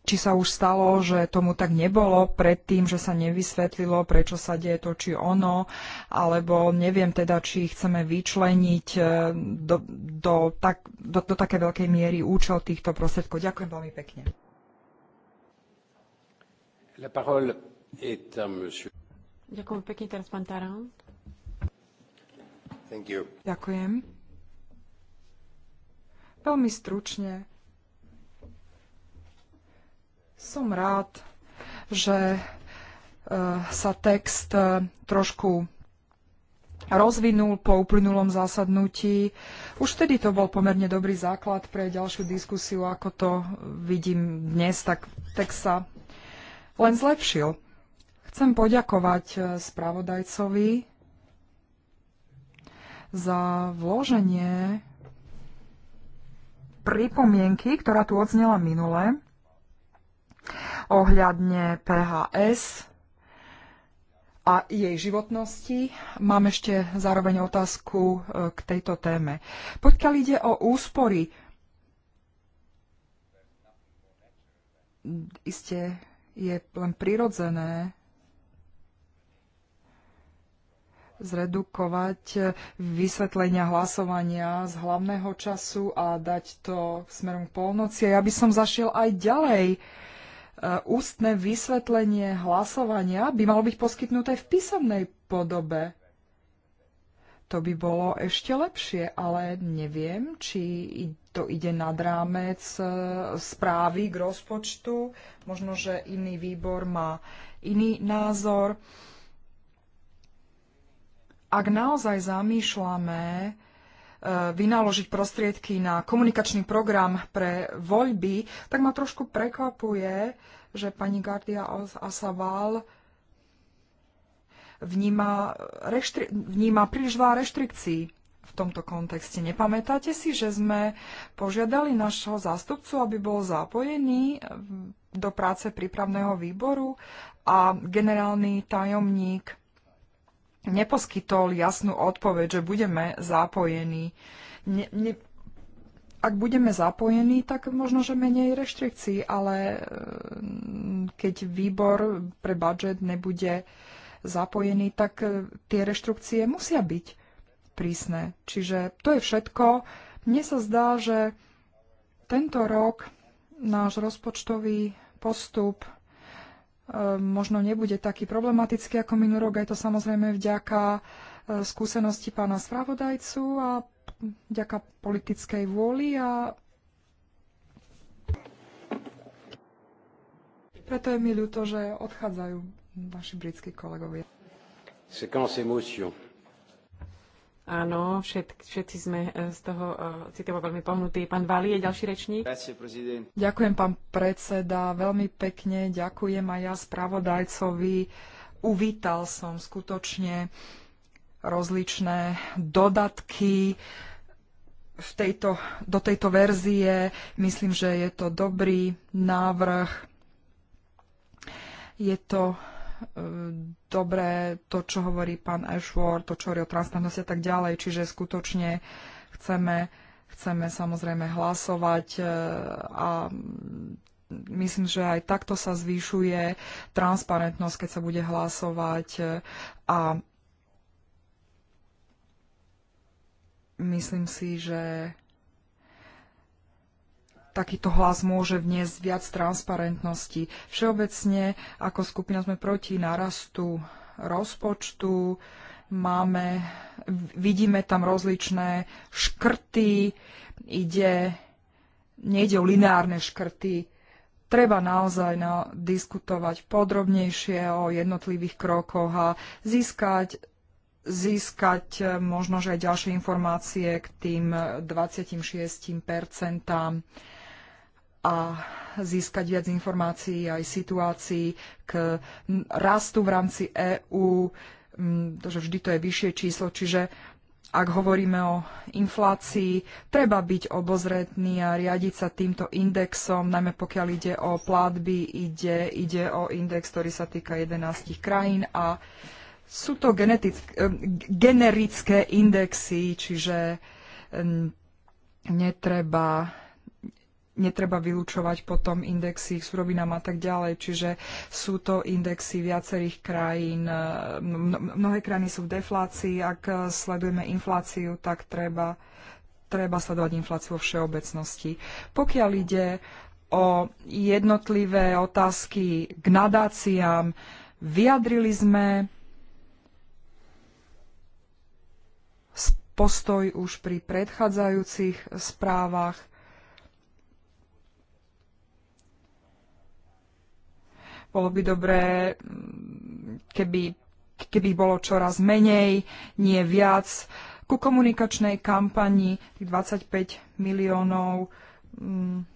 či sa už stalo, že tomu tak nebolo predtým, že sa nevysvetlilo, prečo sa deje to či ono, alebo neviem teda, či chceme vyčleniť eh, do, do, tak, do, do také veľkej miery účel týchto prostriedkov. Ďakujem veľmi pekne. La parole est à monsieur. Ďakujem pekne, teraz pán Tarant. Thank you. Ďakujem. Veľmi stručne som rád, že e, sa text e, trošku rozvinul po uplynulom zásadnutí. Už vtedy to bol pomerne dobrý základ pre ďalšiu diskusiu, ako to vidím dnes, tak text sa len zlepšil. Chcem poďakovať e, spravodajcovi za vloženie pripomienky, ktorá tu odznela minule ohľadne PHS a jej životnosti. Mám ešte zároveň otázku e, k tejto téme. Pokiaľ ide o úspory, iste je len prirodzené zredukovať e, vysvetlenia hlasovania z hlavného času a dať to smerom k polnoci. Ja by som zašiel aj ďalej. Uh, E, ústne vysvetlenie hlasovania by malo byť poskytnuté v písomnej podobe. To by bolo ešte lepšie, ale neviem, či to ide nad rámec e, správy k rozpočtu. Možno, že iný výbor má iný názor. Ak naozaj zamýšľame vynaložiť prostriedky na komunikačný program pre voľby, tak ma trošku prekvapuje, že pani Gardia Asaval vníma, reštri- vníma príliš veľa reštrikcií v tomto kontexte. Nepamätáte si, že sme požiadali našho zástupcu, aby bol zapojený mm, do práce prípravného výboru a generálny tajomník neposkytol jasnú odpoveď, že budeme zapojení. Ne, ne, ak budeme zapojení, tak možno, že menej reštrikcií, ale mm, keď výbor pre budžet nebude zapojený, tak e, tie reštrukcie musia byť prísne. Čiže to je všetko. Mne sa zdá, že tento rok náš rozpočtový postup možno nebude taký problematický ako minulý rok. Aj to samozrejme vďaka e, skúsenosti pána spravodajcu a vďaka politickej vôli a preto je mi ľúto, že odchádzajú vaši britskí kolegovia. Séquence émotion. Áno, všet, všetci sme e, z toho e, citovo veľmi pohnutí. Pán Vali je ďalší rečník. Ďakujem, pán predseda, veľmi pekne. Ďakujem aj ja spravodajcovi. Uvítal som skutočne rozličné dodatky v tejto, do tejto verzie. Myslím, že je to dobrý návrh. Je to dobré to, čo hovorí pán Ashworth, to, čo hovorí o transparentnosti a tak ďalej. Čiže skutočne chceme, chceme samozrejme hlasovať e, a myslím, že aj takto sa zvýšuje transparentnosť, keď sa bude hlasovať e, a myslím si, že takýto hlas môže vniesť viac transparentnosti. Všeobecne ako skupina sme proti narastu rozpočtu, máme, vidíme tam rozličné škrty, ide, nejde o lineárne škrty, treba naozaj na, diskutovať podrobnejšie o jednotlivých krokoch a získať získať e, možno aj ďalšie informácie k tým 26 percentám a získať viac informácií aj situácií k rastu v rámci EÚ, mm, že vždy to je vyššie číslo, čiže ak hovoríme o inflácii, treba byť obozretný a riadiť sa týmto indexom, najmä pokiaľ ide o platby, ide, ide o index, ktorý sa týka 11 krajín a sú to eh, generické indexy, čiže mm, netreba netreba vylúčovať potom indexy k surovinám a tak ďalej. Čiže sú to indexy viacerých krajín. Mnohé krajiny sú v deflácii. Ak sledujeme infláciu, tak treba, treba sledovať infláciu vo všeobecnosti. Pokiaľ ide o jednotlivé otázky k nadáciám, vyjadrili sme postoj už pri predchádzajúcich správach. Bolo by dobré, mm, keby, keby bolo čoraz menej, nie viac. Ku komunikačnej kampani tých 25 miliónov. Mm,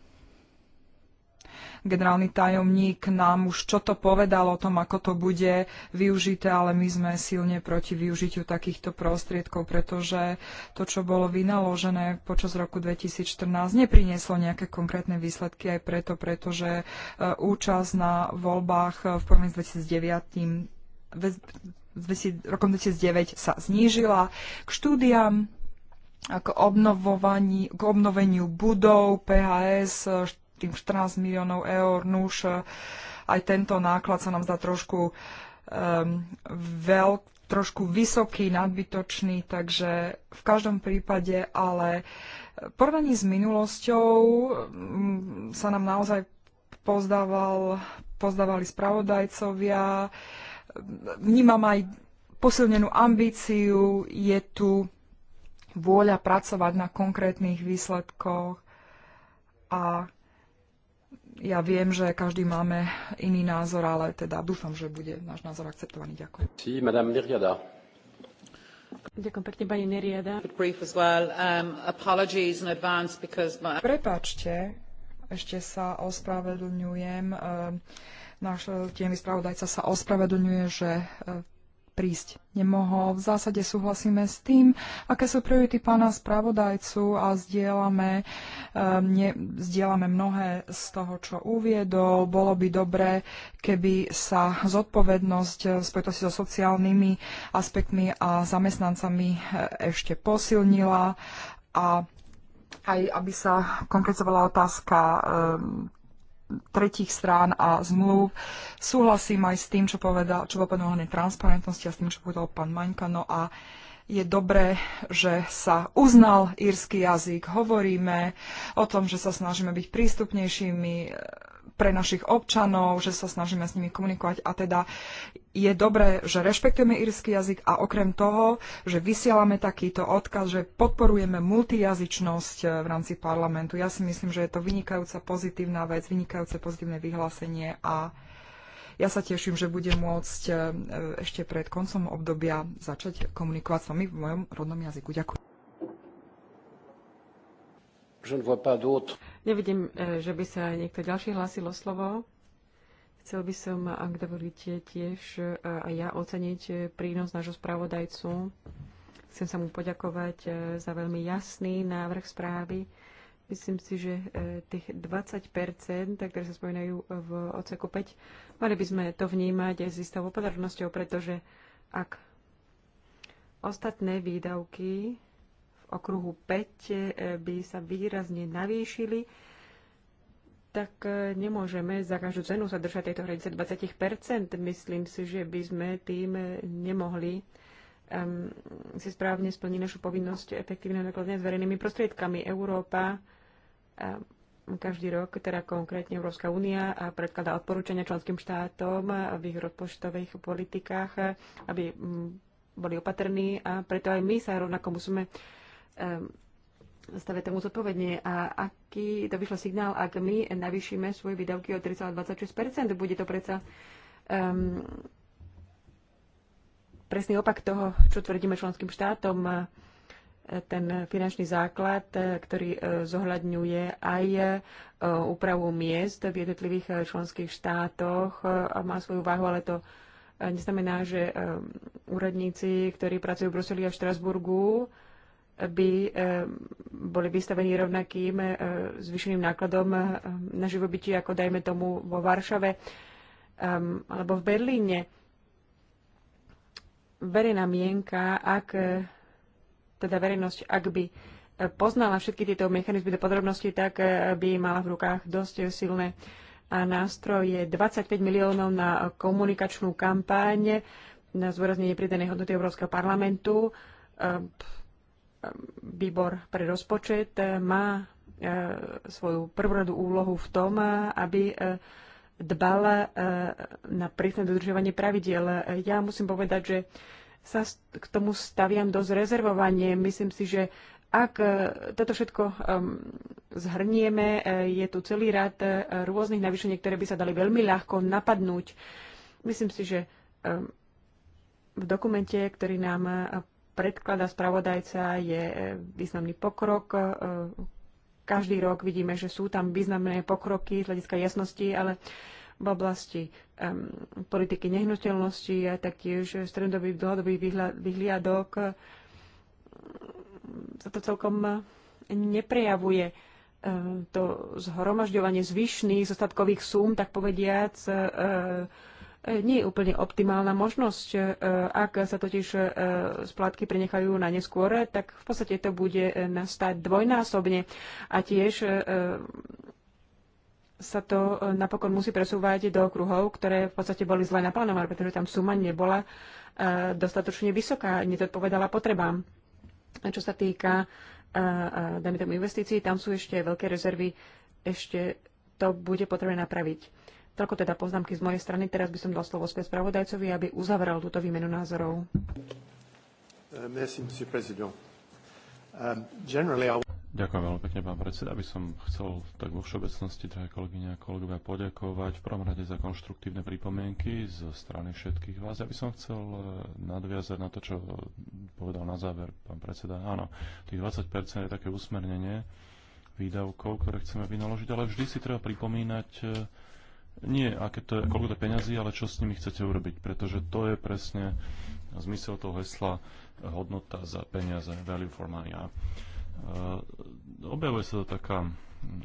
Generálny tajomník nám už čo to povedal o tom, ako to bude využité, ale my sme silne proti využitiu takýchto prostriedkov, pretože to, čo bolo vynaložené počas roku 2014, neprinieslo nejaké konkrétne výsledky aj preto, pretože e, účasť na voľbách e, v porovnaní s 2009 rokom 2009 sa znížila. K štúdiám k, k obnoveniu budov PHS tých 14 miliónov eur. Nuž, e, aj tento náklad sa nám zdá trošku, um, veľk, trošku vysoký, nadbytočný, takže v každom prípade, ale porovnaní s minulosťou um, sa nám naozaj pozdával, pozdávali spravodajcovia. Vnímam aj posilnenú ambíciu, je tu vôľa pracovať na konkrétnych výsledkoch a ja viem, že každý máme iný názor, ale teda dúfam, že bude náš názor akceptovaný. Ďakujem. Sí, madame Niriada. Ďakujem pekne, pani Neriada. Um, Prepačte, ešte sa ospravedlňujem. Um, náš tiemý spravodajca sa ospravedlňuje, že uh, prísť nemohol. V zásade súhlasíme s tým, aké sú priority pána spravodajcu a zdieľame, um, ehm, ne, zdieľame mnohé z toho, čo uviedol. Bolo by dobré, keby sa zodpovednosť v spojitosti so sociálnymi aspektmi a zamestnancami e, ešte posilnila a aj aby sa konkretizovala otázka um, tretích strán a zmluv. Súhlasím aj s tým, čo povedal, čo povedal hlavne transparentnosti a s tým, čo povedal pán Maňka. No a je dobré, že sa uznal írsky jazyk. Hovoríme o tom, že sa snažíme byť prístupnejšími pre našich občanov, že sa snažíme s nimi komunikovať a teda je dobré, že rešpektujeme írsky jazyk a okrem toho, že vysielame takýto odkaz, že podporujeme multijazyčnosť eh, v rámci parlamentu. Ja si myslím, že je to vynikajúca pozitívna vec, vynikajúce pozitívne vyhlásenie a ja sa teším, že budem môcť eh, ešte pred koncom obdobia začať komunikovať s vami v mojom rodnom jazyku. Ďakujem. Nevidím, e, že by sa niekto ďalší hlásil o slovo. Chcel by som, ak dovolíte, tiež e, aj ja oceniť prínos nášho spravodajcu. Chcem sa mu poďakovať e, za veľmi jasný návrh správy. Myslím si, že tých 20%, ktoré sa spomínajú v oceku 5, mali by sme to vnímať aj s istou opatrnosťou, pretože ak ostatné výdavky okruhu 5 eh, by sa výrazne navýšili, tak eh, nemôžeme za každú cenu sa držať tejto hranice 20 Myslím si, že by sme tým eh, nemohli um, si správne splniť našu povinnosť efektívne nakladania s verejnými prostriedkami. Európa um, každý rok, teda konkrétne Európska únia, predkladá odporúčania členským štátom v ich rozpočtových politikách, aby boli opatrní a preto aj my sa rovnako musíme Ehm, stave tomu zodpovedne a aký to vyšlo signál, ak my navýšime svoje výdavky o 3,26%, bude to predsa um, presný opak toho, čo tvrdíme členským štátom, e, ten finančný základ, e, ktorý e, zohľadňuje aj úpravu miest v jednotlivých členských štátoch a má svoju váhu, ale to neznamená, že úradníci, ktorí pracujú v Bruseli a v Štrasburgu, by eh, boli vystavení rovnakým eh, zvyšeným nákladom eh, na živobytie, ako dajme tomu vo Varšave ehm, alebo v Berlíne. Verejná mienka, ak teda verejnosť, ak by poznala všetky tieto mechanizmy do podrobnosti, tak by mala v rukách dosť silné nástroje. 25 miliónov na komunikačnú kampáň na zúraznenie pridanej hodnoty Európskeho parlamentu ehm, výbor pre rozpočet má e, svoju prvoradú úlohu v tom, e, aby e, dbal na prísne dodržovanie pravidiel. Ja musím povedať, že sa k tomu staviam dosť rezervovanie. Myslím si, že ak toto všetko zhrnieme, je tu celý rad rôznych navýšení, ktoré by sa dali veľmi ľahko napadnúť. Myslím si, že v dokumente, ktorý nám predklada spravodajca, je e, významný pokrok. E, každý rok vidíme, že sú tam významné pokroky z hľadiska jasnosti, ale v oblasti um, politiky nehnuteľnosti a taktiež strednodobých dlhodobých vyhliadok e, sa to celkom neprejavuje to zhromažďovanie zvyšných zostatkových súm, tak povediac, E, nie je úplne optimálna možnosť. E, ak sa totiž e, splátky prenechajú na neskôr, tak v podstate to bude nastať dvojnásobne a tiež sa to napokon musí presúvať do kruhov, ktoré v podstate boli zle naplánované, pretože tam suma nebola dostatočne vysoká, nedodpovedala potrebám. A čo sa týka dajme tomu investícií, tam sú ešte veľké rezervy, ešte to bude potrebné napraviť. Toľko teda poznámky z mojej strany. Teraz by som dal slovo späť spravodajcovi, aby uzavrel túto výmenu názorov. Uh, um, Ďakujem veľmi pekne, pán predseda. Aby som chcel tak vo všeobecnosti, drahé kolegyne a kolegovia, poďakovať v prvom rade za konštruktívne pripomienky zo strany všetkých vás. Ja by som chcel uh, nadviazať na to, čo povedal na záver pán predseda. Áno, tých 20% je také usmernenie výdavkov, ktoré chceme vynaložiť, ale vždy si treba pripomínať, uh, nie aké to je, koľko to je peňazí, ale čo s nimi chcete urobiť, pretože to je presne zmysel toho hesla hodnota za peniaze, value for money. A e, objavuje sa to taká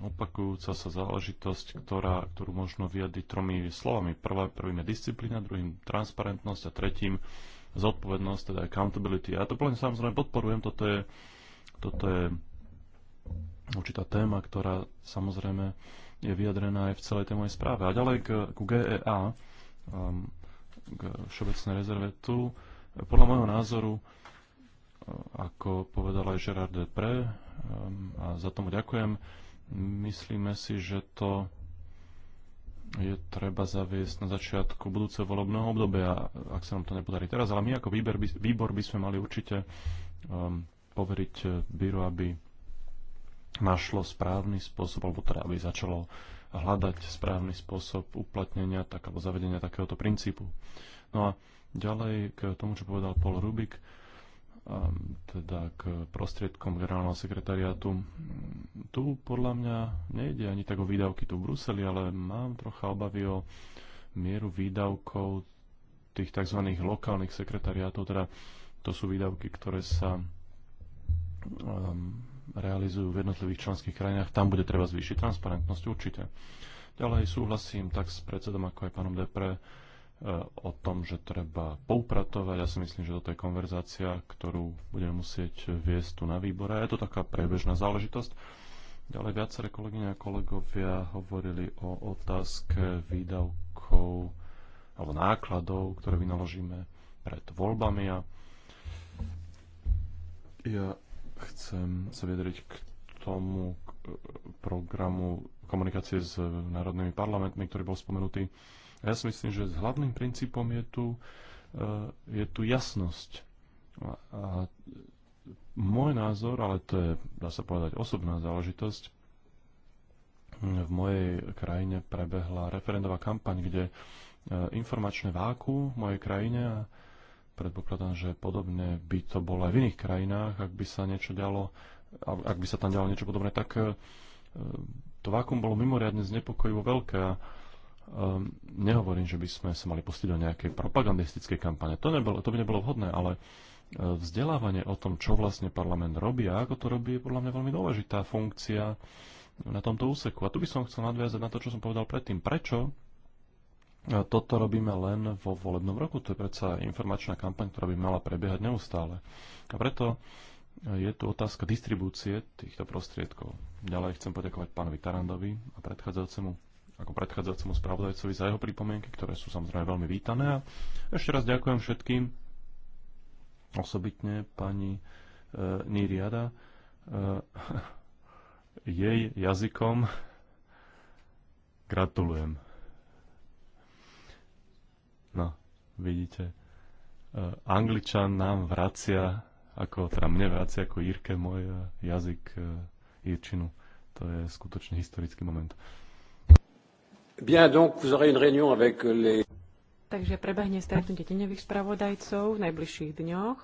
opakujúca sa záležitosť, ktorá, ktorú možno vyjadriť tromi slovami. Prvá, prvým je disciplína, druhým transparentnosť a tretím zodpovednosť, teda accountability. Ja to plne samozrejme podporujem, toto je, toto je určitá téma, ktorá samozrejme je vyjadrená aj v celej tej mojej správe. A ďalej k, ku GEA, um, k Všeobecnej rezerve, tu podľa môjho názoru, uh, ako povedal aj Gerard Depre, um, a za tomu ďakujem, myslíme si, že to je treba zaviesť na začiatku budúceho volebného obdobia, ak sa nám to nepodarí teraz, ale my ako výber by, výbor by sme mali určite um, poveriť byru, aby našlo správny spôsob, alebo teda aby začalo hľadať správny spôsob uplatnenia tak, alebo zavedenia takéhoto princípu. No a ďalej k tomu, čo povedal Paul Rubik, ehm, teda k prostriedkom generálneho sekretariátu. Tu podľa mňa nejde ani tak o výdavky tu v Bruseli, ale mám trocha obavy o mieru výdavkov tých tzv. lokálnych sekretariátov, teda to sú výdavky, ktoré sa um, realizujú v jednotlivých členských krajinách, tam bude treba zvýšiť transparentnosť určite. Ďalej súhlasím tak s predsedom ako aj pánom Depre eh, o tom, že treba poupratovať. Ja si myslím, že toto je konverzácia, ktorú budeme musieť viesť tu na výbore. Je to taká prebežná záležitosť. Ďalej viaceré kolegyne a kolegovia hovorili o otázke výdavkov alebo nákladov, ktoré vynaložíme pred voľbami. A ja chcem sa vyjadriť k tomu k e, programu komunikácie s národnými parlamentmi, ktorý bol spomenutý. ja si myslím, že hlavným princípom je tu, e, je tu jasnosť. A môj názor, ale to je, dá sa povedať, osobná záležitosť, v mojej krajine prebehla referendová kampaň, kde e, informačné váku v mojej krajine a predpokladám, že podobne by to bolo aj v iných krajinách, ak by sa niečo dialo, ak by sa tam dialo niečo podobné, tak e, to vákum bolo mimoriadne znepokojivo veľké a ehm, nehovorím, že by sme sa mali pustiť do nejakej propagandistickej kampane. To, nebolo, to by nebolo vhodné, ale e, vzdelávanie o tom, čo vlastne parlament robí a ako to robí, je podľa mňa veľmi dôležitá funkcia na tomto úseku. A tu by som chcel nadviazať na to, čo som povedal predtým. Prečo toto robíme len vo volebnom roku. To je predsa informačná kampaň, ktorá by mala prebiehať neustále. A preto je tu otázka distribúcie týchto prostriedkov. Ďalej chcem poďakovať pánovi Tarandovi a predchádzajúcemu ako predchádzajúcemu spravodajcovi za jeho pripomienky, ktoré sú samozrejme veľmi vítané. A ešte raz ďakujem všetkým, osobitne pani e, Niriada. E, (laughs) jej jazykom gratulujem. vidíte, e, Angličan nám vracia, ako teda mne vracia ako jirke môj e, jazyk e, jirčinu. To je skutočne historický moment. Bien, donc vous aurez une réunion avec euh, les... Takže prebehne stretnutie deňových spravodajcov v najbližších dňoch.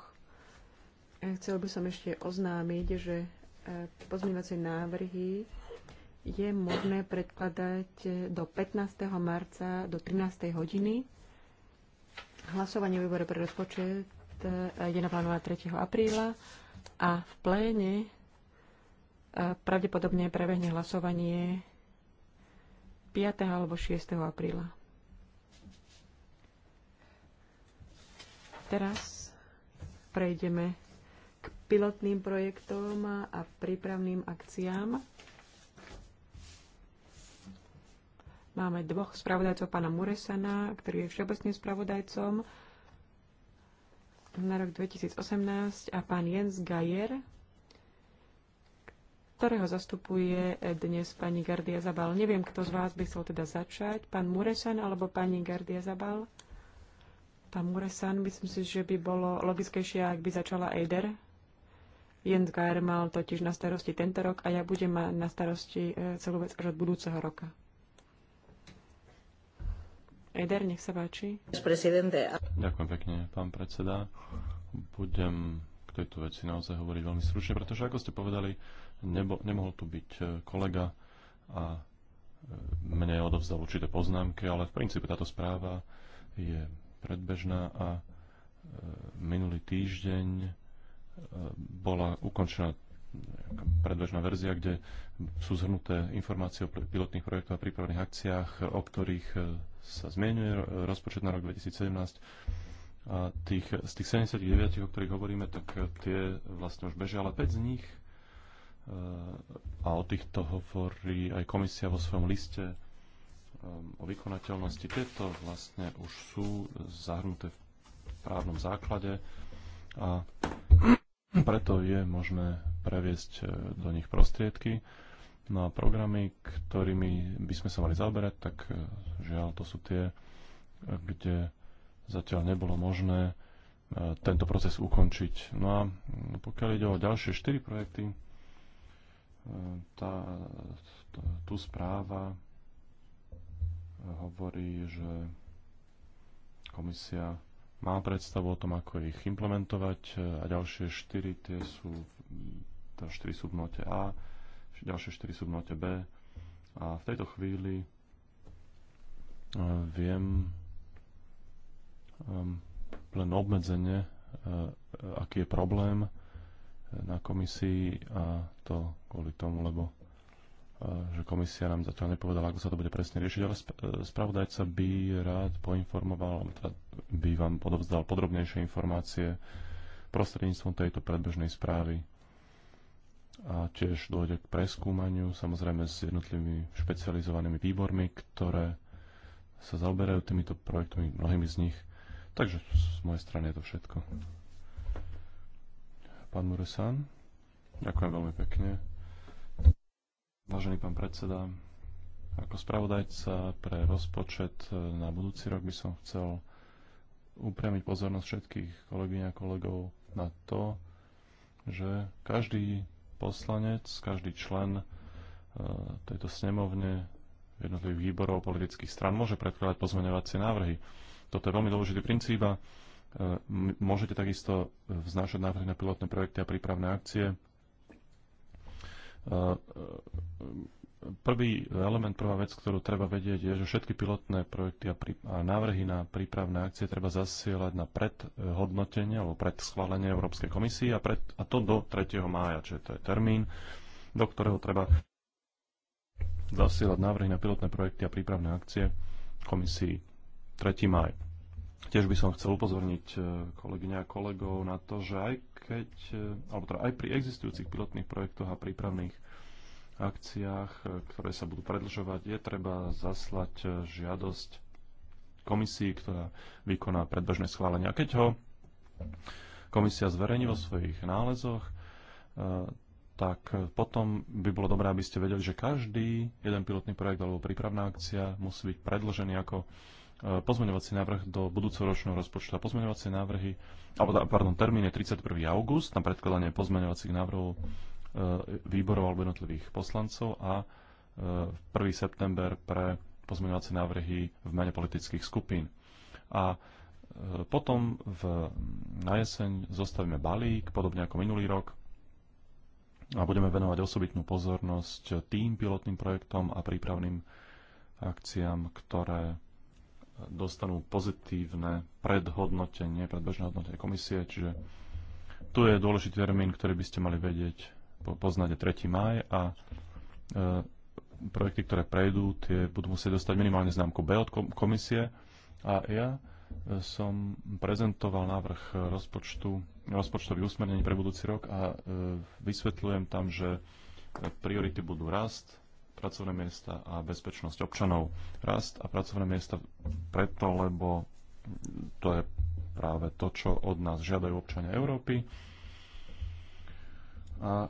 Chcel by som ešte oznámiť, že pozmeňovacie návrhy je možné predkladať do 15. marca do 13. hodiny Hlasovanie výboru pre rozpočet je e, naplánované 3. apríla a v pléne e, pravdepodobne prebehne hlasovanie 5. alebo 6. apríla. Teraz prejdeme k pilotným projektom a prípravným akciám. Máme dvoch spravodajcov, pána Muresana, ktorý je všeobecným spravodajcom na rok 2018 a pán Jens Gajer, ktorého zastupuje dnes pani Gardia Zabal. Neviem, kto z vás by chcel teda začať, pán Muresan alebo pani Gardia Zabal. Pán Muresan, myslím si, že by bolo logickejšie, ak by začala Eider. Jens Gajer mal totiž na starosti tento rok a ja budem mať na starosti e, celú vec až od budúceho roka. Eder, nech sa páči. Ďakujem pekne, pán predseda. Budem k tejto veci naozaj hovoriť veľmi stručne, pretože ako ste povedali, nebo, nemohol tu byť e, kolega a e, mne odovzdal určité poznámky, ale v princípe táto správa je predbežná a e, minulý týždeň bola ukončená predbežná verzia, kde sú zhrnuté informácie o pilotných projektoch a prípravných akciách, o ktorých e, sa zmienuje rozpočet na rok 2017. A tých, z tých 79, o ktorých hovoríme, tak e, tie vlastne už bežia, ale 5 z nich e, a o týchto hovorí aj komisia vo svojom liste o vykonateľnosti. Tieto vlastne už sú zahrnuté v právnom základe a (clears throat) preto je možné previesť e, do nich prostriedky. No a programy, ktorými by sme sa mali zaoberať, tak e, žiaľ, to sú tie, e, kde zatiaľ nebolo možné tento proces ukončiť. No a pokiaľ ide o ďalšie 4 projekty, tá, tu správa hovorí, že komisia má predstavu o tom, ako ich implementovať a ďalšie 4 tie sú teda 4 sú v note A, ďalšie 4 sú v note B. A v tejto chvíli e, viem e, len obmedzenie, e, aký je problém na komisii a to kvôli tomu, lebo že komisia nám zatiaľ nepovedala, ako sa to bude presne riešiť, ale spravodajca by rád poinformoval, alebo teda by vám podobzdal podrobnejšie informácie prostredníctvom tejto predbežnej správy a tiež dôjde k preskúmaniu, samozrejme s jednotlivými špecializovanými výbormi, ktoré sa zaoberajú týmito projektmi, mnohými z nich. Takže z mojej strany je to všetko. Pán Muresan, ďakujem veľmi pekne. Vážený pán predseda, ako spravodajca pre rozpočet na budúci rok by som chcel upriamiť pozornosť všetkých kolegyň a kolegov na to, že každý poslanec, každý člen e, tejto snemovne jednotlivých výborov politických stran môže predkladať pozmeňovacie návrhy. Toto je veľmi dôležitý princíp a e, môžete takisto vznášať návrhy na pilotné projekty a prípravné akcie e, prvý element, prvá vec, ktorú treba vedieť, je, že všetky pilotné projekty a, prí, a návrhy na prípravné akcie treba zasielať na predhodnotenie alebo predschválenie Európskej komisie a, pred, a to do 3. mája, čiže to je termín, do ktorého treba zasielať návrhy na pilotné projekty a prípravné akcie komisii 3. máj. Tiež by som chcel upozorniť e, kolegyňa a kolegov na to, že aj keď, e, alebo teda aj pri existujúcich pilotných projektoch a prípravných akciách, e, ktoré sa budú predlžovať, je treba zaslať e, žiadosť komisii, ktorá vykoná predbežné schválenie. A keď ho komisia zverejní vo svojich nálezoch, e, tak potom by bolo dobré, aby ste vedeli, že každý jeden pilotný projekt alebo prípravná akcia musí byť predložený ako pozmeňovací návrh do budúceho ročného rozpočtu. A pozmeňovacie návrhy, alebo pardon, termín je 31. august na predkladanie pozmeňovacích návrhov E, výborov alebo jednotlivých poslancov a 1. E, september pre pozmeňovacie návrhy v mene politických skupín. A e, potom v, na jeseň zostavíme balík, podobne ako minulý rok, a budeme venovať osobitnú pozornosť tým pilotným projektom a prípravným akciám, ktoré dostanú pozitívne predhodnotenie, predbežné hodnotenie komisie. Čiže tu je dôležitý termín, ktorý by ste mali vedieť poznáte 3. maj a e, projekty, ktoré prejdú, tie budú musieť dostať minimálne známku B od komisie. A ja e, som prezentoval návrh rozpočtu, rozpočtových usmernení pre budúci rok a e, vysvetľujem tam, že priority budú rast, pracovné miesta a bezpečnosť občanov. Rast a pracovné miesta preto, lebo to je práve to, čo od nás žiadajú občania Európy a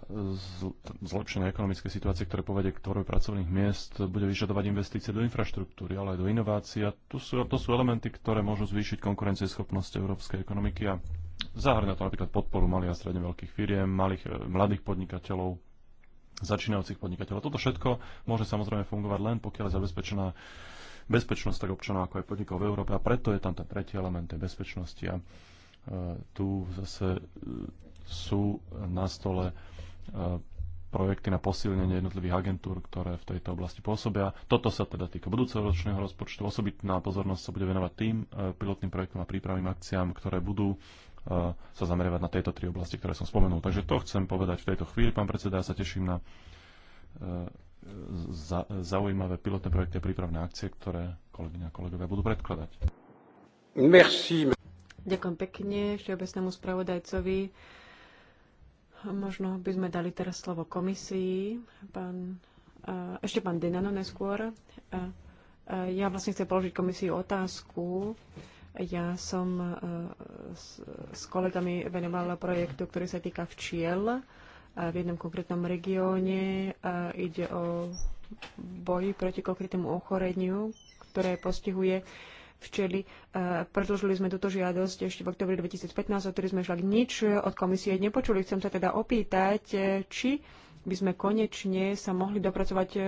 zlepšenie ekonomickej situácie, ktoré povedie k tvorbe pracovných miest, bude vyžadovať investície do infraštruktúry, ale aj do inovácií. A to sú, to sú elementy, ktoré môžu zvýšiť konkurencieschopnosť európskej ekonomiky a zahrňa to napríklad podporu malých a stredne veľkých firiem, malých, e, mladých podnikateľov, začínajúcich podnikateľov. Toto všetko môže samozrejme fungovať len pokiaľ je zabezpečená bezpečnosť tak občanov ako aj podnikov v Európe a preto je tam ten tretí element tej bezpečnosti. A e, tu zase e, sú na stole e, projekty na posilnenie jednotlivých agentúr, ktoré v tejto oblasti pôsobia. Toto sa teda týka budúceho ročného rozpočtu. Osobitná pozornosť sa bude venovať tým e, pilotným projektom a prípravným akciám, ktoré budú e, sa zameriavať na tieto tri oblasti, ktoré som spomenul. Takže to chcem povedať v tejto chvíli, pán predseda. Ja sa teším na zaujímavé pilotné projekty a prípravné akcie, ktoré kolegyňa a kolegovia budú predkladať. Merci. Ďakujem pekne všeobecnému spravodajcovi Možno by sme dali teraz slovo komisii. Pán, ešte pán Denano neskôr. Ja vlastne chcem položiť komisii otázku. Ja som s, s kolegami venovala projektu, ktorý sa týka včiel v jednom konkrétnom regióne. Ide o boji proti konkrétnemu ochoreniu, ktoré postihuje včeli. E, predložili sme túto žiadosť ešte v oktobri 2015, o ktorej sme však nič od komisie nepočuli. Chcem sa teda opýtať, e, či by sme konečne sa mohli dopracovať e,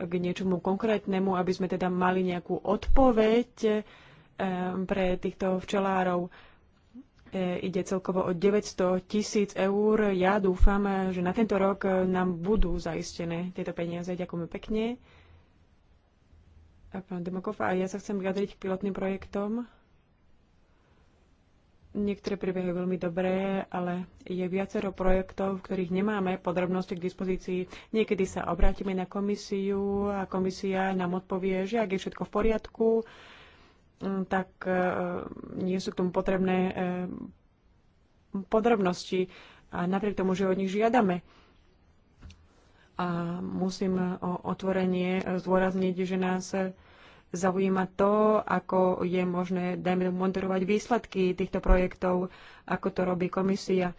k niečomu konkrétnemu, aby sme teda mali nejakú odpoveď pre týchto včelárov. Ide celkovo o 900 tisíc eur. Ja dúfam, že na tento rok nám budú zaistené tieto peniaze. Ďakujeme pekne a pán Demokov a ja sa chcem vyjadriť k pilotným projektom. Niektoré prebiehajú veľmi dobré, ale je viacero projektov, v ktorých nemáme podrobnosti k dispozícii. Niekedy sa obrátime na komisiu a komisia nám odpovie, že ak je všetko v poriadku, mm, tak e, nie sú k tomu potrebné e, podrobnosti. A napriek tomu, že od nich žiadame, a musím o otvorenie zdôrazniť, že nás zaujíma to, ako je možné, dajme monitorovať výsledky týchto projektov, ako to robí komisia.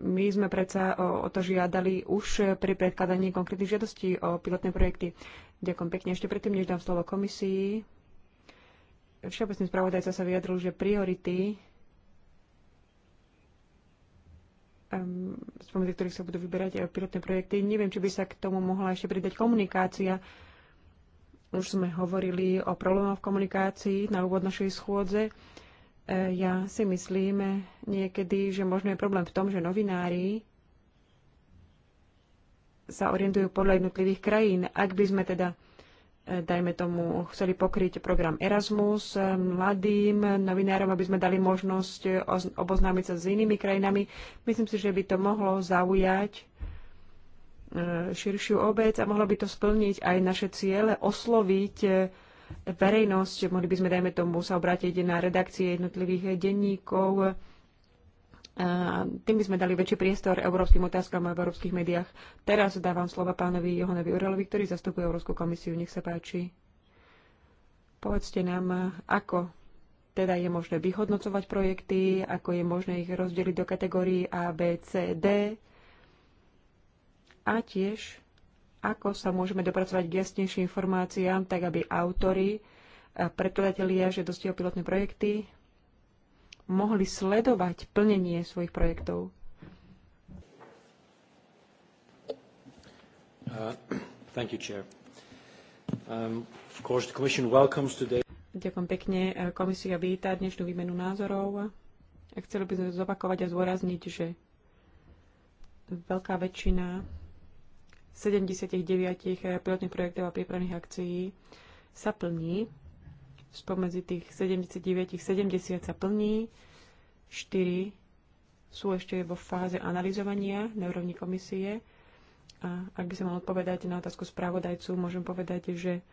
My sme predsa o, o to žiadali už pri predkladaní konkrétnych žiadostí o pilotné projekty. Ďakujem pekne. Ešte predtým, než dám slovo komisii, všeobecný spravodajca sa vyjadril, že priority spomedzi ktorých sa budú vyberať eh, pilotné projekty. Neviem, či by sa k tomu mohla ešte pridať komunikácia. Už sme hovorili o problémoch v komunikácii na úvod našej schôdze. Eh, ja si myslím eh, niekedy, že možno je problém v tom, že novinári sa orientujú podľa jednotlivých krajín. Ak by sme teda dajme tomu, chceli pokryť program Erasmus mladým novinárom, aby sme dali možnosť oboznámiť sa s inými krajinami. Myslím si, že by to mohlo zaujať e, širšiu obec a mohlo by to splniť aj naše ciele, osloviť e, verejnosť. Mohli by sme, dajme tomu, sa obrátiť na redakcie jednotlivých denníkov, a tým by sme dali väčší priestor európskym otázkam a v európskych médiách. Teraz dávam slova pánovi Johanovi Urelovi, ktorý zastupuje Európsku komisiu. Nech sa páči. Povedzte nám, ako teda je možné vyhodnocovať projekty, ako je možné ich rozdeliť do kategórií A, B, C, D a tiež ako sa môžeme dopracovať k jasnejším informáciám, tak aby autory, predkladatelia žiadosti o pilotné projekty mohli sledovať plnenie svojich projektov? Uh, (clears throat) thank you, Chair. Um, of course, the Commission welcomes today. Ďakujem pekne. Uh, komisia víta dnešnú výmenu názorov. A chceli by sme zopakovať a zdôrazniť, že veľká väčšina 79 pilotných projektov a prípravných akcií sa plní spomedzi tých 79, 70 sa plní, 4 sú ešte vo fáze analyzovania na úrovni komisie. A ak by som mal odpovedať na otázku správodajcu, môžem povedať, že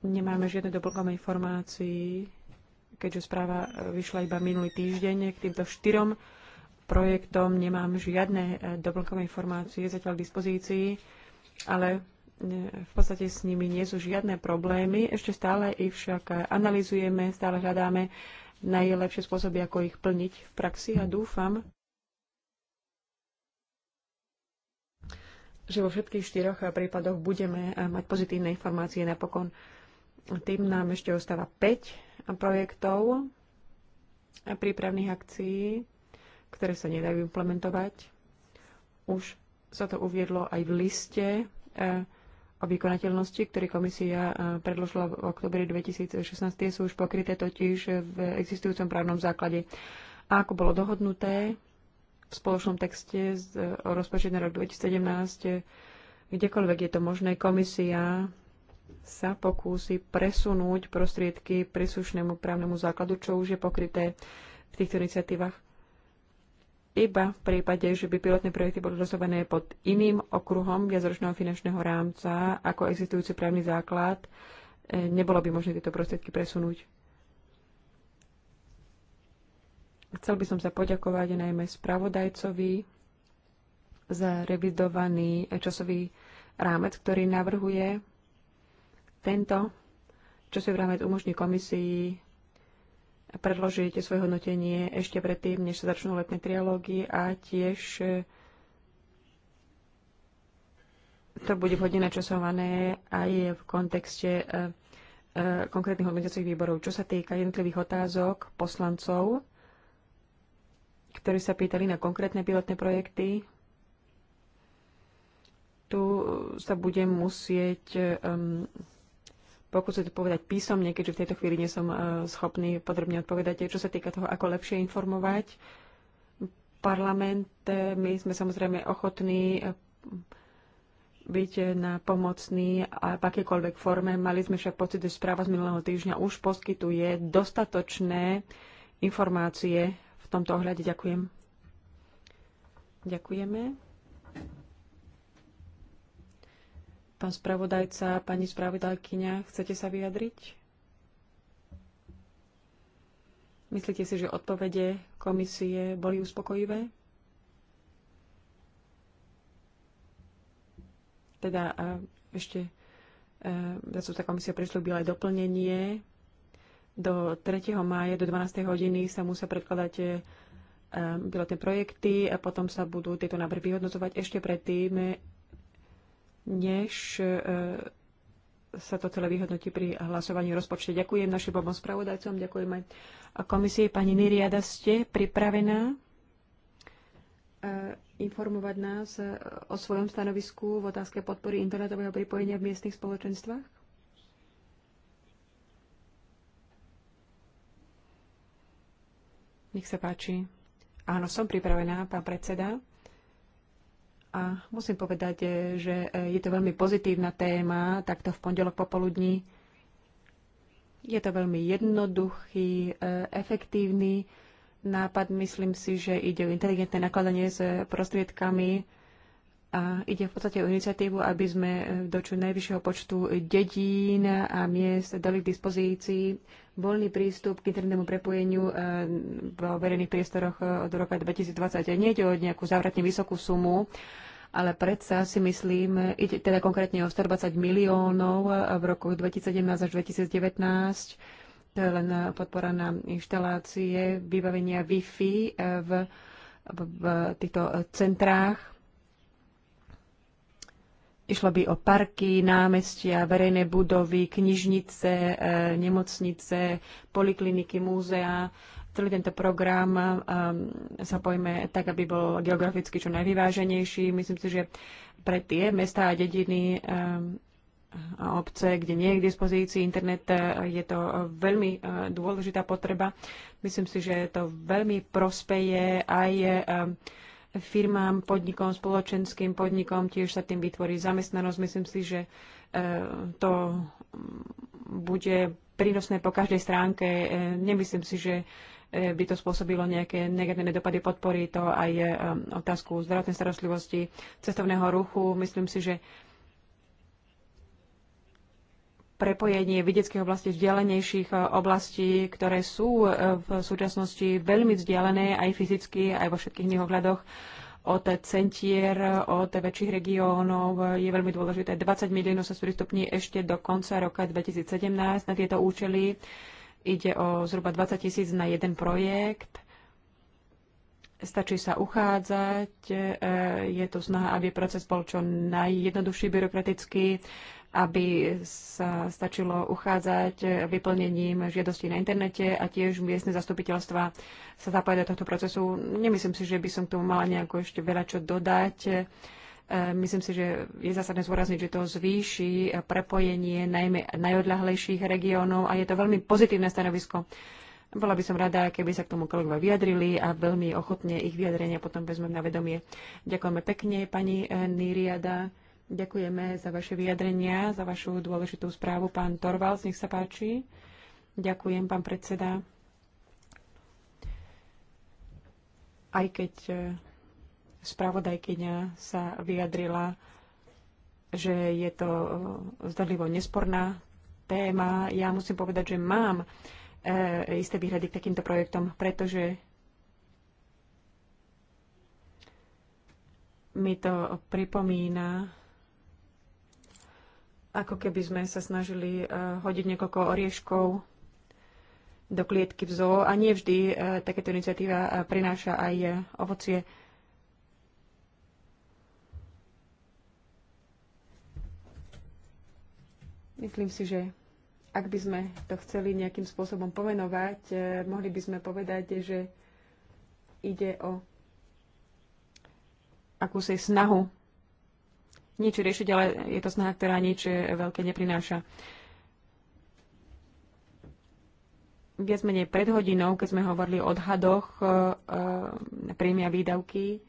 nemáme žiadne doplnkové informácií, keďže správa e, vyšla iba minulý týždeň k týmto štyrom projektom nemám žiadne e, doplnkové informácie zatiaľ k dispozícii, ale v podstate s nimi nie sú žiadne problémy. Ešte stále ich však analizujeme, stále hľadáme najlepšie spôsoby, ako ich plniť v praxi a dúfam, že vo všetkých štyroch prípadoch budeme mať pozitívne informácie napokon. Tým nám ešte ostáva 5 projektov a prípravných akcií, ktoré sa nedajú implementovať. Už sa to uviedlo aj v liste eh, o vykonateľnosti, ktorý komisia e, predložila v oktobri 2016, tie sú už pokryté totiž v existujúcom právnom základe. A ako bolo dohodnuté v spoločnom texte e, o rozpočet na rok 2017, e, kdekoľvek je to možné, komisia sa pokúsi presunúť prostriedky príslušnému právnemu základu, čo už je pokryté v týchto iniciatívach iba v prípade, že by pilotné projekty boli rozhodované pod iným okruhom viacročného finančného rámca ako existujúci právny základ, e, nebolo by možné tieto prostriedky presunúť. Chcel by som sa poďakovať najmä spravodajcovi za revidovaný e, časový rámec, ktorý navrhuje tento časový rámec umožní komisii predložíte svoje hodnotenie ešte predtým, než sa začnú letné trialógy a tiež eh, to bude vhodne načasované aj v kontexte eh, eh, konkrétnych hodnotiacich výborov. Čo sa týka jednotlivých otázok poslancov, ktorí sa pýtali na konkrétne pilotné projekty, tu sa bude musieť um, pokúsiť povedať písomne, keďže v tejto chvíli nie som e, schopný podrobne odpovedať, čo sa týka toho, ako lepšie informovať parlament. My sme samozrejme ochotní e, byť na pomocný a v akékoľvek forme. Mali sme však pocit, že správa z minulého týždňa už poskytuje dostatočné informácie v tomto ohľade. Ďakujem. Ďakujeme. Pán spravodajca, pani spravodajkyňa, chcete sa vyjadriť? Myslíte si, že odpovede komisie boli uspokojivé? Teda a ešte e, zastupca komisia prislúbila aj doplnenie. Do 3. mája do 12. hodiny sa musia predkladať e, pilotné projekty a potom sa budú tieto návrhy vyhodnocovať ešte predtým, než e, sa to celé vyhodnotí pri hlasovaní rozpočte. Ďakujem našim obom spravodajcom, ďakujem aj komisii. Pani Niriada, ste pripravená e, informovať nás e, o svojom stanovisku v otázke podpory internetového pripojenia v miestnych spoločenstvách? Nech sa páči. Áno, som pripravená, pán predseda a musím povedať, eh, že eh, je to veľmi pozitívna téma, takto v pondelok popoludní. Je to veľmi jednoduchý, eh, efektívny nápad. Myslím si, že ide o inteligentné nakladanie s prostriedkami a ide v podstate o iniciatívu, aby sme do čo najvyššieho počtu dedín a miest dali k dispozícii voľný prístup k internetnému prepojeniu vo verejných priestoroch od roka 2020. Nejde o nejakú závratne vysokú sumu, ale predsa si myslím, ide teda konkrétne o 120 miliónov v roku 2017 až 2019, to je len podpora na inštalácie vybavenia Wi-Fi v, v týchto centrách. Išlo by o parky, námestia, verejné budovy, knižnice, e, nemocnice, polikliniky, múzea celý tento program um, sa pojme tak, aby bol geograficky čo najvyváženejší. Myslím si, že pre tie mesta a dediny um, a obce, kde nie je k dispozícii internet, eh, je to veľmi eh, dôležitá potreba. Myslím si, že to veľmi prospeje aj ehm, firmám, podnikom, spoločenským podnikom, tiež sa tým vytvorí zamestnanosť. Myslím si, že eh, to mm, bude prínosné po každej stránke. Nemyslím si, že E, by to spôsobilo nejaké negatívne dopady, podpory, to aj e, otázku zdravotnej starostlivosti, cestovného ruchu. Myslím si, že prepojenie vidieckých oblastí, vzdialenejších e, oblastí, ktoré sú v súčasnosti veľmi vzdialené aj fyzicky, aj vo všetkých iných ohľadoch od centier, od väčších regiónov je veľmi dôležité. 20 miliónov sa sprístupní ešte do konca roka 2017 na tieto účely. Ide o zhruba 20 tisíc na jeden projekt. Stačí sa uchádzať. E, je to snaha, aby proces bol čo najjednoduchší byrokraticky, aby sa stačilo uchádzať vyplnením žiadosti na internete a tiež miestne zastupiteľstva sa zapája do tohto procesu. Nemyslím si, že by som k tomu mala nejako ešte veľa čo dodať. E, myslím si, že je zásadné zúrazniť, že to zvýši prepojenie najmä najodľahlejších regiónov a je to veľmi pozitívne stanovisko. Bola by som rada, keby sa k tomu kolegovia vyjadrili a veľmi ochotne ich vyjadrenia potom vezmem na vedomie. Ďakujeme pekne, pani e, Niriada. Ďakujeme za vaše vyjadrenia, za vašu dôležitú správu. Pán Torvalds, nech sa páči. Ďakujem, pán predseda. Aj keď e, Spravodajkyňa sa vyjadrila, že je to eh, zdadlivo nesporná téma. Ja musím povedať, že mám e, isté výhrady k takýmto projektom, pretože mi to pripomína, ako keby sme sa snažili eh, hodiť niekoľko orieškov do klietky v zoo a nie vždy takéto iniciatíva prináša aj ovocie. Myslím si, že ak by sme to chceli nejakým spôsobom pomenovať, eh, mohli by sme povedať, že ide o akúsi snahu niečo riešiť, ale je to snaha, ktorá nič eh, veľké neprináša. Viac menej pred hodinou, keď sme hovorili o odhadoch eh, príjmy a výdavky,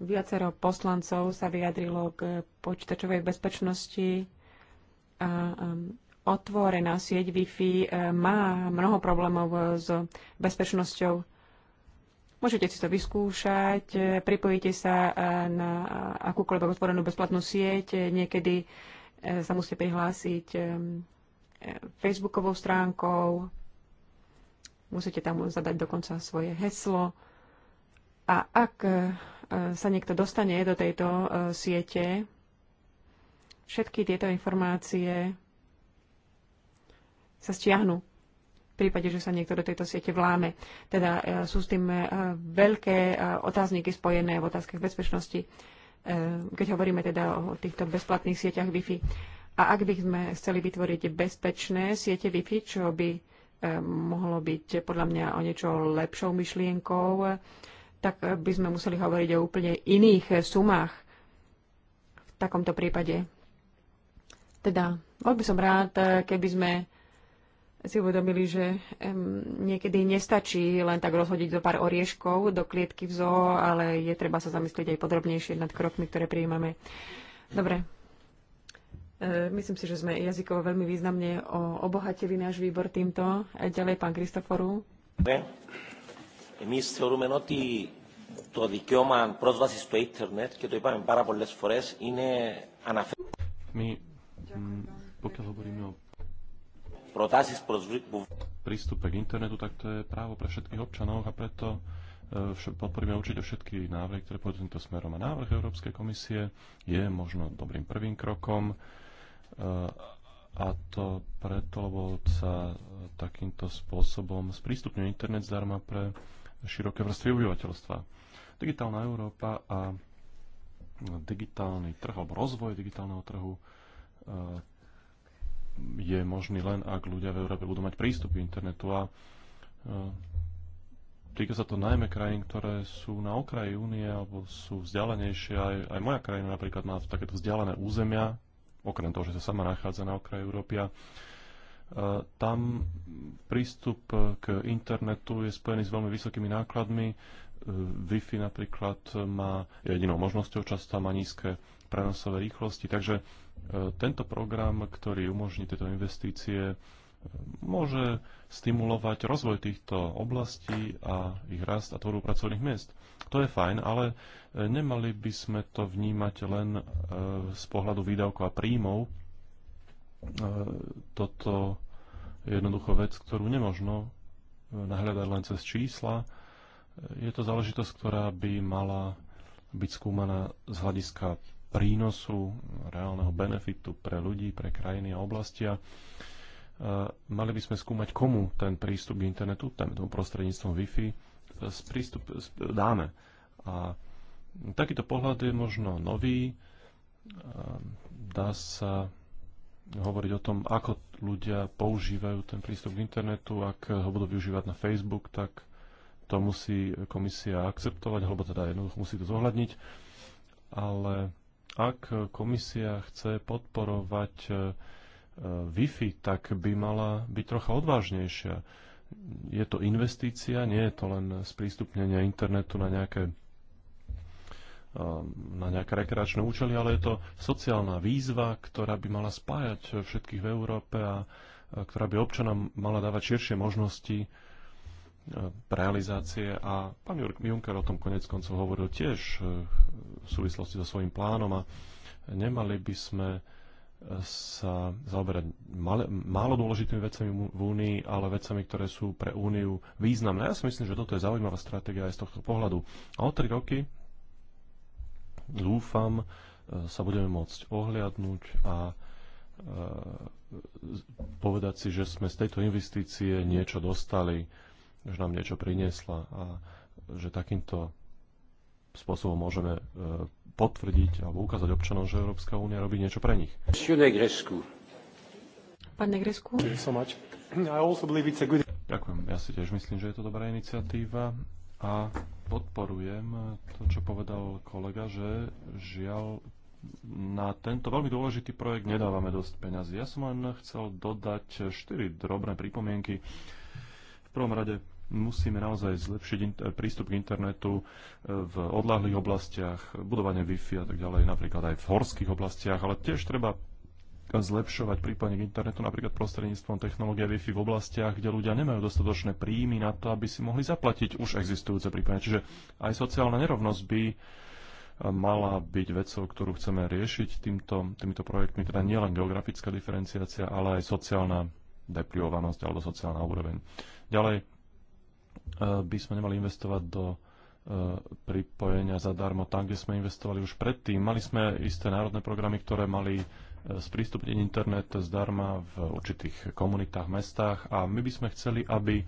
viacero poslancov sa vyjadrilo k počítačovej bezpečnosti, Um, otvorená sieť Wi-Fi e, má mnoho problémov e, s bezpečnosťou. Môžete si to vyskúšať, e, pripojite sa na akúkoľvek otvorenú bezplatnú sieť, niekedy sa musíte prihlásiť facebookovou stránkou, musíte tam zadať dokonca svoje heslo. A ak sa niekto dostane do tejto siete, Všetky tieto informácie sa stiahnu v prípade, že sa niekto do tejto siete vláme. Teda e, sú s tým e, veľké e, otázniky spojené v otázkach bezpečnosti, keď hovoríme teda o týchto bezplatných sieťach Wi-Fi. A ak by sme chceli vytvoriť bezpečné siete Wi-Fi, čo by mohlo byť podľa mňa o niečo lepšou myšlienkou, tak by sme museli hovoriť o úplne iných sumách v takomto prípade. Teda, bol by som rád, eh, keby sme si uvedomili, že niekedy nestačí len tak rozhodiť do pár orieškov do klietky v zoo, ale je treba sa zamyslieť aj podrobnejšie nad krokmi, ktoré prijímame. Dobre. Eh, myslím si, že sme jazykovo veľmi významne obohatili náš výbor týmto. A eh, ďalej pán Kristoforu. Εμείς θεωρούμε ότι το δικαίωμα πρόσβαση στο και το είπαμε πάρα είναι αναφέρον. Mm, pokiaľ hovoríme o prístupe k internetu, tak to je právo pre všetkých občanov a preto e, podporíme určite všetky návrhy, ktoré pôjdu týmto smerom. A návrh Európskej komisie je možno dobrým prvým krokom e, a to preto, lebo sa takýmto spôsobom sprístupňuje internet zdarma pre široké vrstvy obyvateľstva. Digitálna Európa a digitálny trh alebo rozvoj digitálneho trhu Eh, je možný len, ak ľudia v Európe budú mať prístup k internetu a eh, týka sa to najmä krajín, ktoré sú na okraji únie alebo sú vzdialenejšie. Aj, aj moja krajina napríklad má takéto vzdialené územia, okrem toho, že sa sama nachádza na okraji Európy. A, eh, tam prístup k internetu je spojený s veľmi vysokými nákladmi. Wi-Fi napríklad má jedinou možnosťou, často má nízke prenosové rýchlosti, takže E, tento program, ktorý umožní tieto investície, e, môže stimulovať rozvoj týchto oblastí a ich rast a tvorbu pracovných miest. To je fajn, ale e, nemali by sme to vnímať len z pohľadu výdavkov a príjmov. Toto je jednoducho vec, ktorú nemožno nahľadať len cez čísla. Je to záležitosť, ktorá by mala byť skúmaná z hľadiska prínosu, reálneho benefitu pre ľudí, pre krajiny a oblasti. A e, mali by sme skúmať, komu ten prístup k internetu, ten prostredníctvom Wi-Fi, e, prístup dáme. A takýto pohľad je možno nový. E, dá sa hovoriť o tom, ako ľudia používajú ten prístup k internetu. Ak ho budú využívať na Facebook, tak to musí komisia akceptovať, alebo teda jednoducho musí to zohľadniť. Ale ak komisia chce podporovať e, e, Wi-Fi, tak by mala byť trocha odvážnejšia. Je to investícia, nie je to len sprístupnenie internetu na nejaké e, na nejaké rekreačné účely, ale je to sociálna výzva, ktorá by mala spájať všetkých v Európe a ktorá by občanom mala dávať širšie možnosti realizácie a pán Juncker o tom konec koncov hovoril tiež eh, v súvislosti so svojím plánom a nemali by sme eh, sa zaoberať málo dôležitými vecami v Únii, ale vecami, ktoré sú pre Úniu významné. Ja si myslím, že toto je zaujímavá stratégia aj z tohto pohľadu. A o tri roky dúfam, eh, sa budeme môcť ohliadnúť a povedať si, že sme z tejto investície niečo dostali že nám niečo priniesla a že takýmto spôsobom môžeme e, potvrdiť alebo ukázať občanom, že Európska únia robí niečo pre nich. Pán Negresku. Ďakujem. Ja si tiež myslím, že je to dobrá iniciatíva a podporujem to, čo povedal kolega, že žiaľ na tento veľmi dôležitý projekt nedávame dosť peňazí. Ja som len chcel dodať štyri drobné pripomienky. V prvom rade musíme naozaj zlepšiť eh, prístup k internetu eh, v odlahlých oblastiach, budovanie Wi-Fi a tak ďalej, napríklad aj v horských oblastiach, ale tiež treba zlepšovať prípadne k internetu napríklad prostredníctvom technológie Wi-Fi v oblastiach, kde ľudia nemajú dostatočné príjmy na to, aby si mohli zaplatiť už existujúce prípadne. Čiže aj sociálna nerovnosť by eh, mala byť vecou, ktorú chceme riešiť týmto, týmito projektmi, teda nielen geografická diferenciácia, ale aj sociálna deprivovanosť alebo sociálna úroveň. Ďalej, Eh, by sme nemali investovať do eh, pripojenia zadarmo tam, kde sme investovali už predtým. Mali sme isté národné programy, ktoré mali eh, sprístupniť internet zdarma v určitých komunitách, mestách a my by sme chceli, aby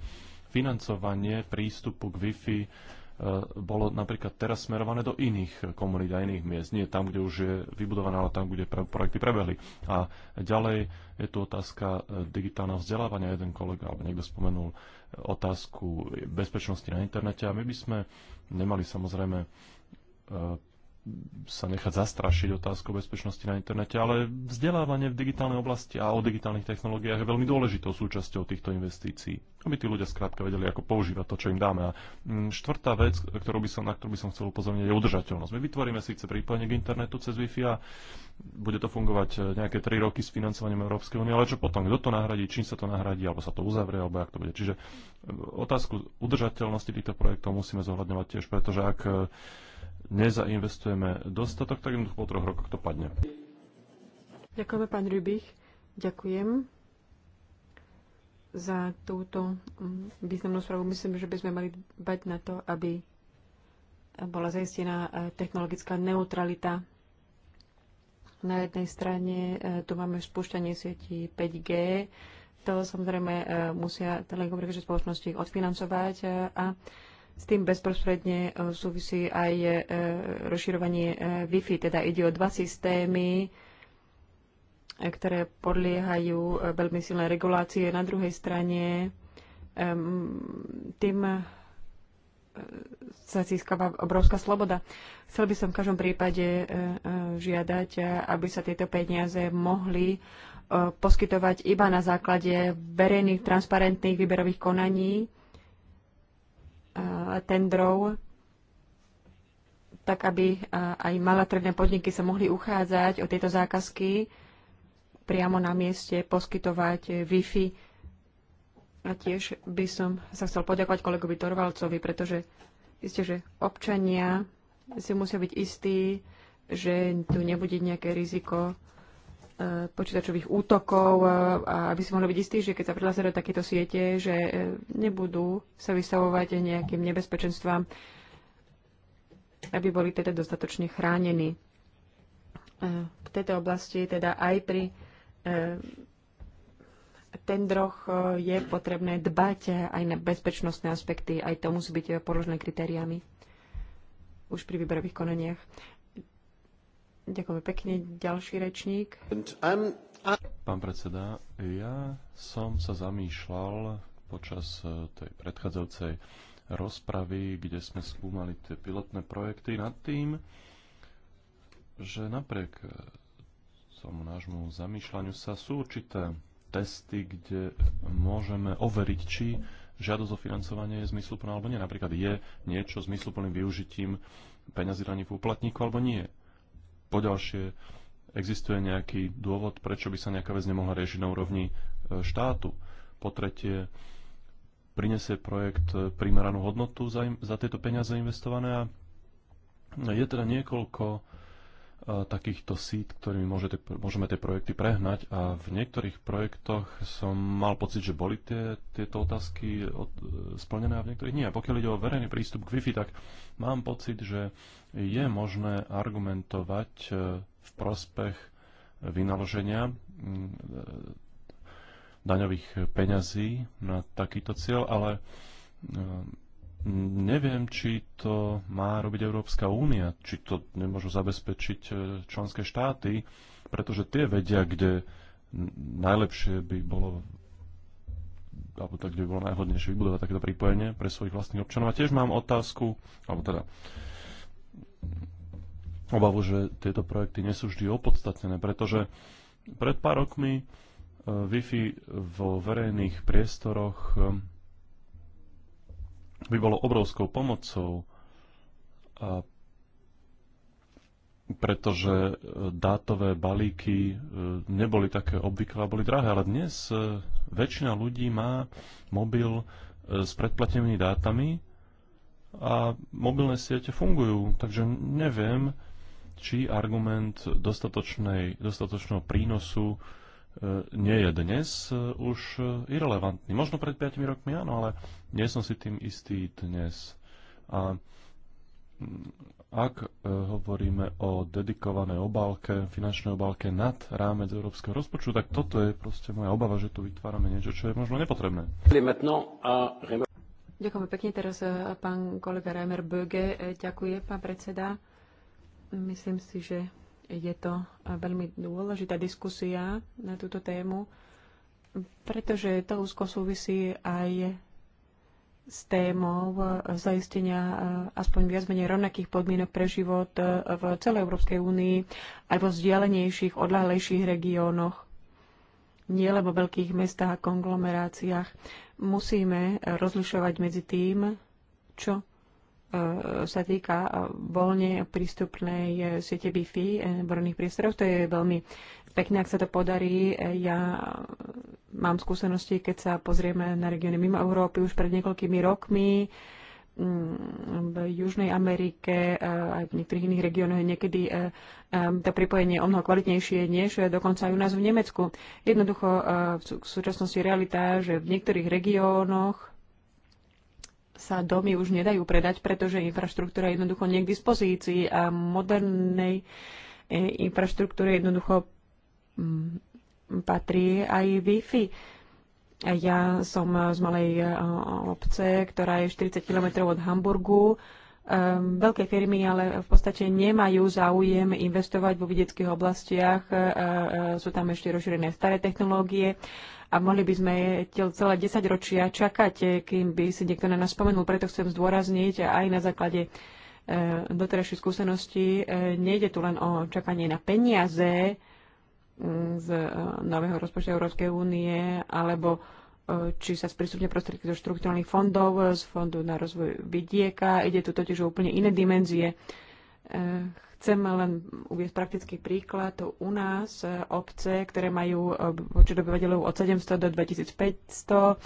financovanie prístupu k Wi-Fi bolo napríklad teraz smerované do iných komunít a iných miest. Nie tam, kde už je vybudované, ale tam, kde projekty prebehli. A ďalej je tu otázka digitálneho vzdelávania. Jeden kolega alebo niekto spomenul otázku bezpečnosti na internete a my by sme nemali samozrejme sa nechať zastrašiť otázkou bezpečnosti na internete, ale vzdelávanie v digitálnej oblasti a o digitálnych technológiách je veľmi dôležitou súčasťou týchto investícií, aby tí ľudia skrátka vedeli, ako používať to, čo im dáme. A mm, štvrtá vec, ktorú by som, na ktorú by som chcel upozorniť, je udržateľnosť. My vytvoríme síce prípojenie k internetu cez Wi-Fi a bude to fungovať e, nejaké 3 roky s financovaním Európskej únie, ale čo potom, kto to nahradí, čím sa to nahradí, alebo sa to uzavrie, alebo ak to bude. Čiže e, otázku udržateľnosti týchto projektov musíme zohľadňovať tiež, pretože ak e, nezainvestujeme dostatok, tak jednoducho po troch rokoch to padne. Ďakujeme, pán Rybich. Ďakujem za túto mm, významnú správu. Myslím, že by sme mali bať na to, aby bola zaistená e, technologická neutralita. Na jednej strane e, tu máme spúšťanie sieti 5G, to samozrejme e, musia telekomunikačné spoločnosti odfinancovať a s tým bezprostredne e, súvisí aj e, rozširovanie e, Wi-Fi, teda ide o dva systémy, ktoré podliehajú veľmi silné regulácie. Na druhej strane tým sa získava obrovská sloboda. Chcel by som v každom prípade žiadať, aby sa tieto peniaze mohli poskytovať iba na základe verejných, transparentných výberových konaní, tendrov, tak aby aj malatredné podniky sa mohli uchádzať o tieto zákazky priamo na mieste, poskytovať e, Wi-Fi. A tiež by som sa chcel poďakovať kolegovi Torvalcovi, pretože isté, že občania si musia byť istí, že tu nebude nejaké riziko Eh, počítačových útokov, eh, aby si mohli byť istí, že keď sa prihlásia do takéto siete, že eh, nebudú sa vystavovať nejakým nebezpečenstvám, aby boli teda dostatočne chránení. V tejto oblasti teda aj pri tendroch je potrebné dbať aj na bezpečnostné aspekty, aj to musí byť podložené kritériami už pri výberových konaniach. Ďakujem pekne. Ďalší rečník. Pán predseda, ja som sa zamýšľal počas e, tej predchádzajúcej rozpravy, kde sme skúmali tie pilotné projekty nad tým, že napriek e, tomu nášmu zamýšľaniu sa sú určité testy, kde môžeme overiť, či žiadosť o financovanie je zmysluplná alebo nie. Napríklad je niečo zmysluplným využitím peňazí daných úplatníkov alebo nie. Poďalšie, existuje nejaký dôvod, prečo by sa nejaká vec nemohla riešiť na úrovni e, štátu. Po tretie, prinesie projekt e, primeranú hodnotu za, im, za tieto peniaze investované a je teda niekoľko takýchto sít, ktorými môžete, môžeme tie projekty prehnať a v niektorých projektoch som mal pocit, že boli tie, tieto otázky od, e, splnené a v niektorých nie. A pokiaľ ide o verejný prístup k Wi-Fi, tak mám pocit, že je možné argumentovať e, v prospech vynaloženia e, daňových peňazí na takýto cieľ, ale Neviem, či to má robiť Európska únia, či to nemôžu zabezpečiť e, členské štáty, pretože tie vedia, kde najlepšie by bolo alebo tak, kde by bolo najhodnejšie vybudovať takéto pripojenie pre svojich vlastných občanov. A tiež mám otázku, alebo teda obavu, že tieto projekty nie sú vždy opodstatnené, pretože pred pár rokmi e, Wi-Fi vo verejných priestoroch e, by bolo obrovskou pomocou, a pretože e, dátové balíky e, neboli také obvyklé a boli drahé, ale dnes e, väčšina ľudí má mobil s predplatenými dátami a mobilné siete fungujú, takže neviem, či argument dostatočného prínosu E, nie je dnes e, už e, irrelevantný. Možno pred 5 rokmi áno, ale nie som si tým istý dnes. A mm, ak hovoríme o dedikovanej obálke, finančnej obálke nad rámec európskeho rozpočtu, tak toto je proste moja obava, že tu vytvárame niečo, čo je možno nepotrebné. Ďakujem pekne. Teraz pán kolega Reimer Böge ďakuje, pán predseda. Myslím si, že je to veľmi dôležitá diskusia na túto tému, pretože to úzko súvisí aj s témou zaistenia eh, aspoň viac menej rovnakých podmienok pre život eh, v celej Európskej únii aj vo vzdialenejších, odľahlejších regiónoch, nielen vo veľkých mestách a konglomeráciách. Musíme eh, rozlišovať medzi tým, čo E, sa týka e, voľne prístupnej e, siete Wi-Fi odborných priestorov. To je veľmi pekné, ak sa to podarí. Ja mám skúsenosti, keď sa pozrieme na regióny mimo Európy už pred niekoľkými rokmi mm, v Južnej Amerike aj v niektorých iných regiónoch je niekedy to pripojenie o mnoho kvalitnejšie než dokonca aj u nás v Nemecku. Jednoducho v súčasnosti realita, že v niektorých regiónoch sa domy už nedajú predať, pretože infraštruktúra jednoducho nie k dispozícii a modernej e, infraštruktúre jednoducho mm, patrí aj Wi-Fi. Ja som e, z malej e, obce, ktorá je 40 km od Hamburgu. Veľké firmy ale v podstate nemajú záujem investovať vo vidieckých oblastiach. Sú tam ešte rozšírené staré technológie a mohli by sme celé 10 ročia čakať, eh, kým by si niekto na nás spomenul. Preto chcem zdôrazniť eh, aj na základe eh, doterajšej skúsenosti, Nejde tu len o čakanie na peniaze mm, z nového rozpočtu Európskej únie alebo či sa sprístupne prostriedky zo štruktúrnych fondov, z Fondu na rozvoj vidieka. Ide tu totiž o úplne iné dimenzie E, chcem len uvieť praktický príklad. u nás e, obce, ktoré majú e, počet obyvateľov od 700 do 2500,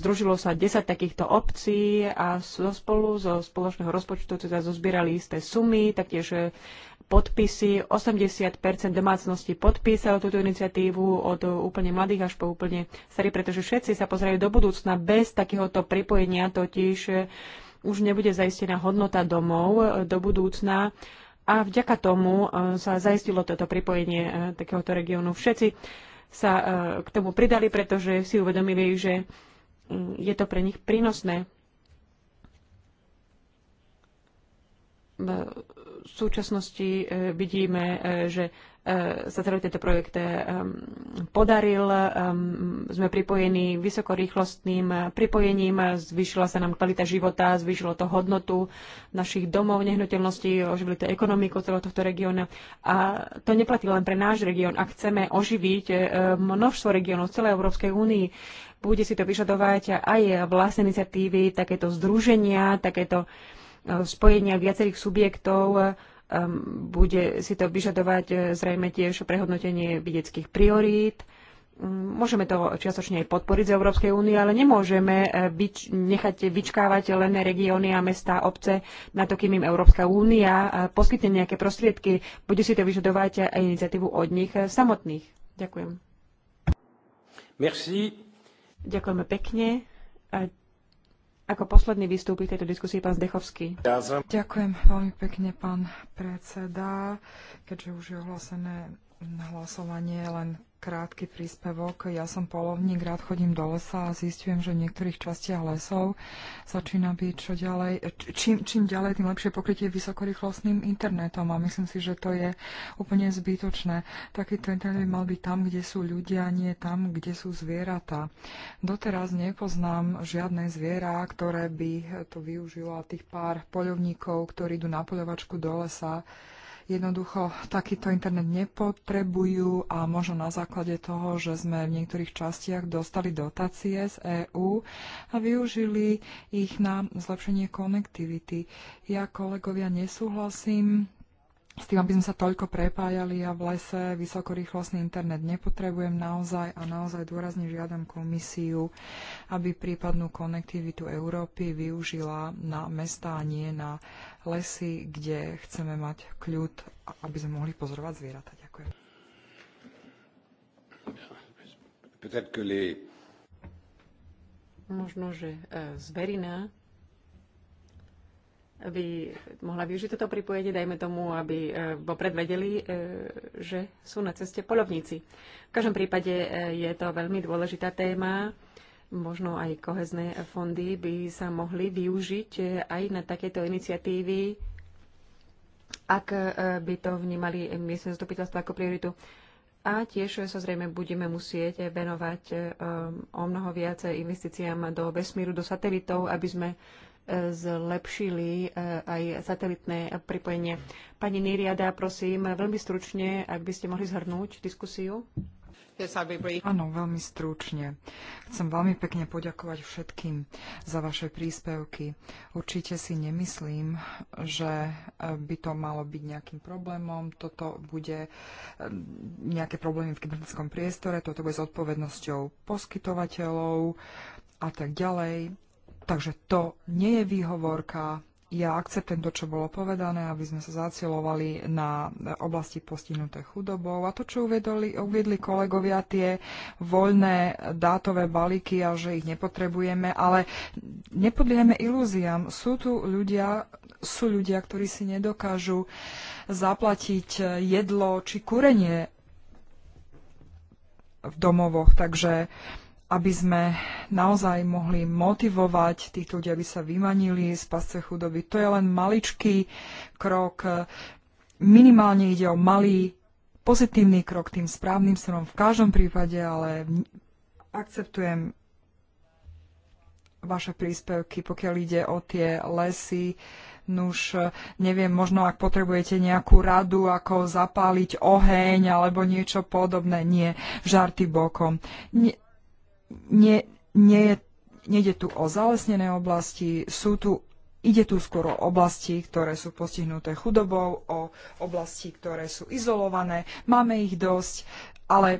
združilo sa 10 takýchto obcí a zo spolu zo spoločného rozpočtu teda zozbierali isté sumy, taktiež podpisy. 80 domácností podpísalo túto iniciatívu od úplne mladých až po úplne starých, pretože všetci sa pozerajú do budúcna. Bez takéhoto pripojenia totiž už nebude zaistená hodnota domov e, do budúcna a vďaka tomu e, sa zaistilo toto pripojenie e, takéhoto regiónu. Všetci sa k tomu pridali, pretože si uvedomili, že mm, je to pre nich prínosné. V súčasnosti vidíme, že E, sa celý tento projekt e, podaril. E, sme pripojení vysokorýchlostným pripojením, zvýšila sa nám kvalita života, zvýšilo to hodnotu našich domov, nehnuteľností, oživili to ekonomiku celého tohto regióna. A to neplatí len pre náš región. Ak chceme oživiť množstvo regiónov celej Európskej únii, bude si to vyžadovať aj vlastné iniciatívy, takéto združenia, takéto spojenia viacerých subjektov, Ehm, bude si to vyžadovať e, zrejme tiež prehodnotenie vedeckých priorít. Mm, môžeme to čiastočne aj podporiť z Európskej únie, ale nemôžeme e, byč, nechať vyčkávať len regióny a mesta, obce na to, kým im Európska únia e, poskytne nejaké prostriedky. Bude si to vyžadovať aj iniciatívu od nich samotných. Ďakujem. Merci. Ďakujeme pekne. A ako posledný vystúpi v tejto diskusii pán Zdechovský. Ďakujem veľmi pekne, pán predseda. Keďže už je ohlásené hlasovanie, len krátky príspevok. Ja som polovník, rád chodím do lesa a zistujem, že v niektorých častiach lesov začína byť čo ďalej, čím, čím ďalej, tým lepšie pokrytie vysokorýchlostným internetom a myslím si, že to je úplne zbytočné. Takýto internet by mal byť tam, kde sú ľudia, nie tam, kde sú zvieratá. Doteraz nepoznám žiadne zviera, ktoré by to využilo a tých pár polovníkov, ktorí idú na poľovačku do lesa, jednoducho takýto internet nepotrebujú a možno na základe toho, že sme v niektorých častiach dostali dotácie z EÚ a využili ich na zlepšenie konektivity. Ja, kolegovia, nesúhlasím s tým, aby sme sa toľko prepájali a v lese vysokorýchlostný internet nepotrebujem naozaj a naozaj dôrazne žiadam komisiu, aby prípadnú konektivitu Európy využila na mesta a nie na lesy, kde chceme mať kľud, aby sme mohli pozorovať zvieratá. Ďakujem. Možno, že e, zverina by mohla využiť toto pripojenie, dajme tomu, aby e, vopred vedeli, e, že sú na ceste polovníci. V každom prípade e, je to veľmi dôležitá téma. Možno aj kohezné fondy by sa mohli využiť aj na takéto iniciatívy, ak by to vnímali miestne zastupiteľstvo ako prioritu. A tiež sa zrejme budeme musieť venovať o mnoho viac investíciám do vesmíru, do satelitov, aby sme zlepšili e, aj satelitné pripojenie. Pani Niriada, prosím, veľmi stručne, ak by ste mohli zhrnúť diskusiu. Áno, veľmi stručne. Chcem veľmi pekne poďakovať všetkým za vaše príspevky. Určite si nemyslím, že e, by to malo byť nejakým problémom. Toto bude e, nejaké problémy v kybernetickom priestore, toto bude s odpovednosťou poskytovateľov a tak ďalej Takže to nie je výhovorka. Ja akceptujem to, čo bolo povedané, aby sme sa zacielovali na oblasti postihnuté chudobou. A to, čo uviedli, uviedli kolegovia, tie voľné dátové balíky a že ich nepotrebujeme, ale nepodliehame ilúziám. Sú tu ľudia, sú ľudia, ktorí si nedokážu zaplatiť jedlo či kurenie v domovoch. Takže aby sme naozaj mohli motivovať tých ľudí, aby sa vymanili z pasce chudoby. To je len maličký krok. Minimálne ide o malý pozitívny krok tým správnym smerom v každom prípade, ale akceptujem vaše príspevky, pokiaľ ide o tie lesy. Nuž, neviem, možno ak potrebujete nejakú radu, ako zapáliť oheň alebo niečo podobné. Nie, žarty bokom. Nie, nie, nie nejde tu o zalesnené oblasti, sú tu Ide tu skôr o oblasti, ktoré sú postihnuté chudobou, o oblasti, ktoré sú izolované. Máme ich dosť, ale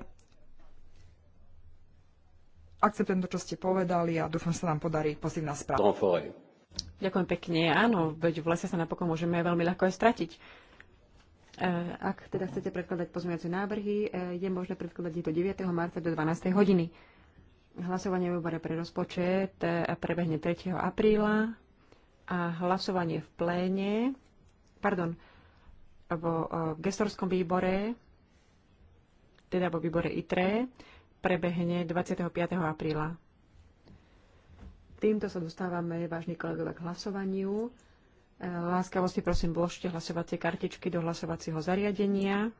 akceptujem to, čo ste povedali a dúfam, sa nám podarí pozitívna správa. Ďakujem pekne. Áno, veď v lese sa napokon môžeme veľmi ľahko aj stratiť. Eh, ak teda chcete predkladať pozmeňujúce návrhy, eh, je možné predkladať ich do 9. marca do 12. hodiny. Hlasovanie v úbore pre rozpočet e, prebehne 3. apríla a hlasovanie v pléne, pardon, vo e, gestorskom výbore, teda vo výbore ITRE, prebehne 25. apríla. Týmto sa dostávame, vážni kolegovia, k hlasovaniu. E, láskavosti prosím, vložte hlasovacie kartičky do hlasovacieho zariadenia,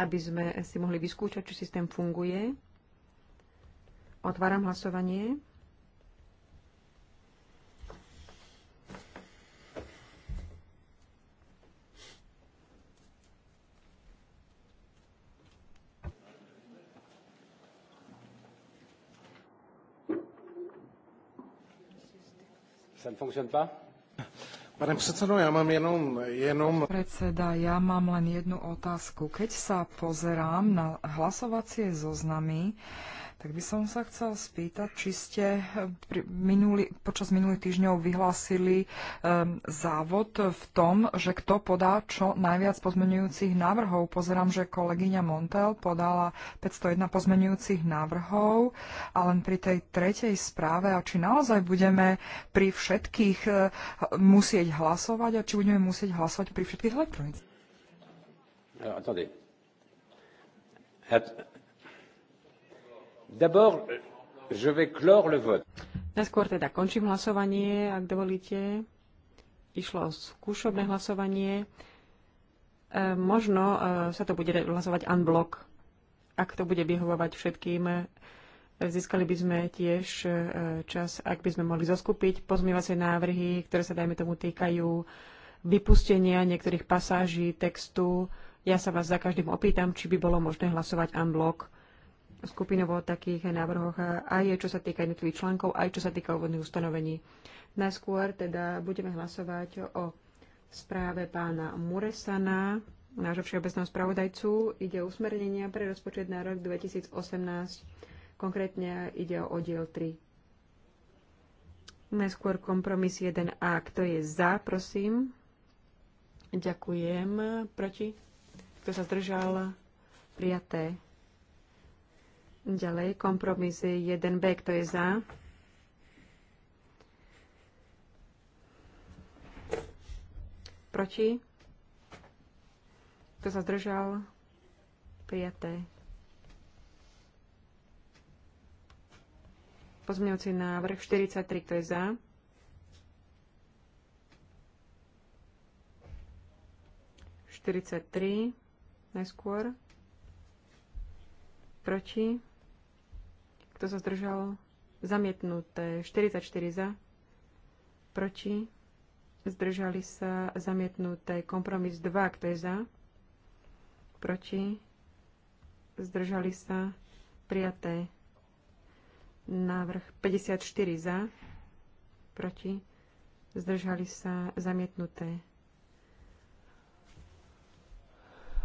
aby sme si mohli vyskúšať, či systém funguje. Otváram hlasovanie. Pane predsedo, ja mám jenom, jenom... Predseda, ja mám len jednu otázku. Keď sa pozerám na hlasovacie zoznamy, so tak by som sa chcel spýtať, či ste eh, minulý, počas minulých týždňov vyhlásili um, závod v tom, že kto podá čo najviac pozmenujúcich návrhov. Pozerám, že kolegyňa Montel podala 501 pozmenujúcich návrhov a len pri tej tretej správe, a či naozaj budeme pri všetkých uh, musieť hlasovať a či budeme musieť hlasovať pri všetkých elektronických. Ja, D'abord, je vais clore le vote. Najskôr teda končím hlasovanie, ak dovolíte. Išlo o skúšobné hlasovanie. E, možno e, sa to bude hlasovať unblock, ak to bude vyhovovať všetkým. E, získali by sme tiež e, čas, ak by sme mohli zoskupiť pozmývacie návrhy, ktoré sa, dajme tomu, týkajú vypustenia niektorých pasáží textu. Ja sa vás za každým opýtam, či by bolo možné hlasovať unblock skupinovo o takých návrhoch aj čo sa týka jednotlivých článkov, aj čo sa týka úvodných ustanovení. Najskôr teda budeme hlasovať o správe pána Muresana, nášho všeobecného spravodajcu. Ide o usmernenia pre rozpočet na rok 2018, konkrétne ide o oddiel 3. Najskôr kompromis 1a. Kto je za, prosím? Ďakujem. Proti? Kto sa zdržal? Prijaté. Ďalej kompromis 1b, kto je za? Proti? Kto sa zdržal? Prijaté. Pozmeňujúci návrh 43, kto je za? Štyridsaťtri najskôr proti kto sa zdržal? Zamietnuté. 44 za. Proti? Zdržali sa zamietnuté. Kompromis 2. Kto je za? Proti? Zdržali sa prijaté. Návrh 54 za. Proti? Zdržali sa zamietnuté.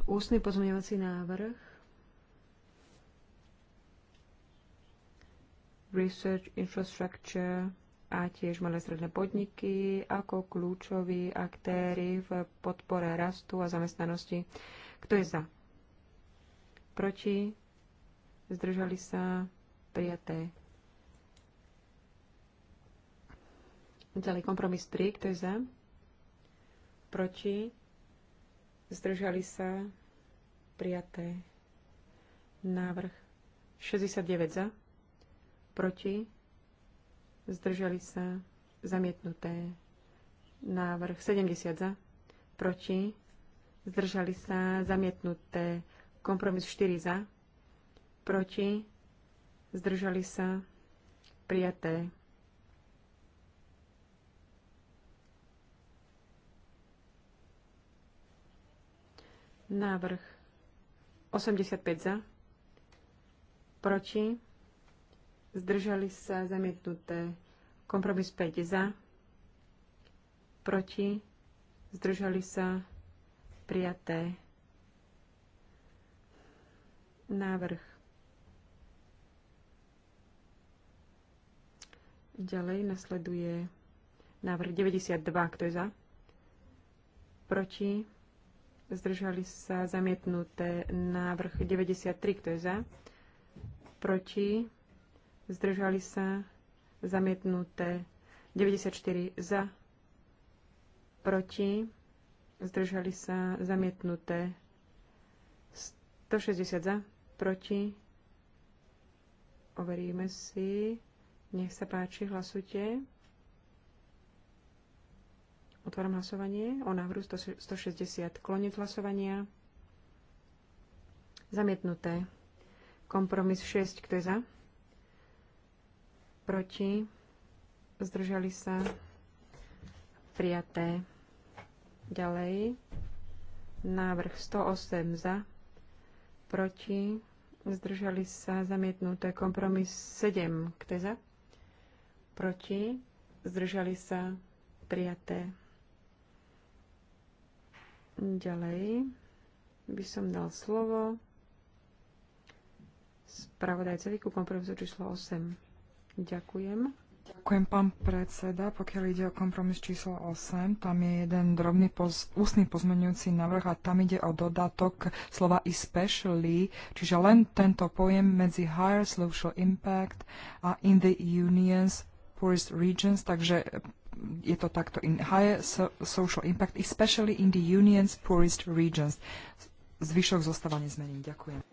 Ústny pozmeňovací návrh Research Infrastructure a tiež malé stredné podniky ako kľúčoví aktéry v podpore rastu a zamestnanosti. Kto je za? Proti? Zdržali sa? Prijaté. Ďalej kompromis 3. Kto je za? Proti? Zdržali sa? Prijaté. Návrh 69 za proti, zdržali sa, zamietnuté. Návrh 70 za, proti, zdržali sa, zamietnuté. Kompromis 4 za, proti, zdržali sa, prijaté. Návrh 85 za, proti, zdržali sa zamietnuté. Kompromis 5 za, proti, zdržali sa prijaté. Návrh. Ďalej nasleduje návrh 92, kto je za? Proti, zdržali sa zamietnuté návrh 93, kto je za? Proti, zdržali sa, zamietnuté 94 za, proti, zdržali sa, zamietnuté 160 za, proti, overíme si, nech sa páči, hlasujte. Otváram hlasovanie o návrhu 160. Kloniec hlasovania. Zamietnuté. Kompromis 6. Kto je za? proti, zdržali sa, prijaté. Ďalej, návrh 108 za, proti, zdržali sa, zamietnuté. Kompromis 7, kto je za? Proti, zdržali sa, prijaté. Ďalej by som dal slovo spravodajcovi ku kompromisu číslo 8. Ďakujem. Ďakujem, pán predseda. Pokiaľ ide o kompromis číslo 8, tam je jeden drobný poz, ústny pozmenujúci návrh a tam ide o dodatok slova especially, čiže len tento pojem medzi higher social impact a in the union's poorest regions, takže je to takto in higher social impact, especially in the union's poorest regions. Zvyšok zostáva nezmenený. Ďakujem.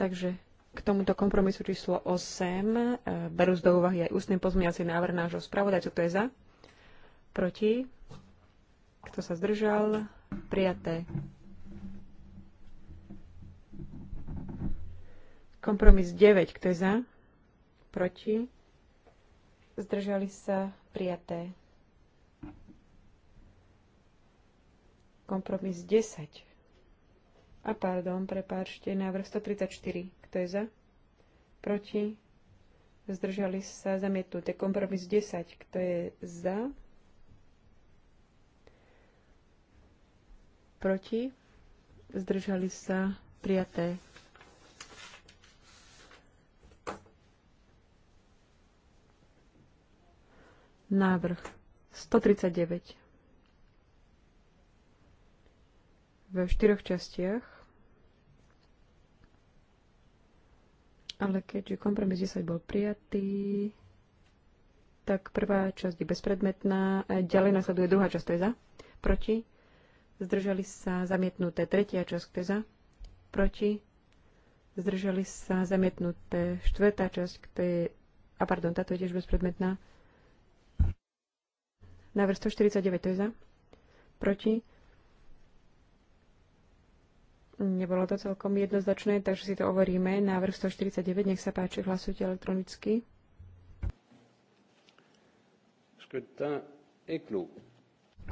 Takže k tomuto kompromisu číslo 8 e, berú z do úvahy aj ústny pozmeňací návrh nášho spravodajcu. Kto je za? Proti? Kto sa zdržal? Prijaté. Kompromis 9. Kto je za? Proti? Zdržali sa? Prijaté. Kompromis 10. A pardon, prepáčte, návrh 134. Kto je za? Proti? Zdržali sa zamietnuté. Kompromis 10. Kto je za? Proti? Zdržali sa prijaté. Návrh 139 v štyroch častiach. Ale keďže kompromis 10 bol prijatý, tak prvá časť je bezpredmetná. E, Ďalej nasleduje druhá časť, to je za. Proti. Zdržali sa zamietnuté tretia časť, to je za. Proti. Zdržali sa zamietnuté štvrtá časť, to je... A pardon, táto je tiež bezpredmetná. Návrh 149, to je za. Proti. Nebolo to celkom jednoznačné, takže si to overíme. Návrh 149, nech sa páči, hlasujte elektronicky.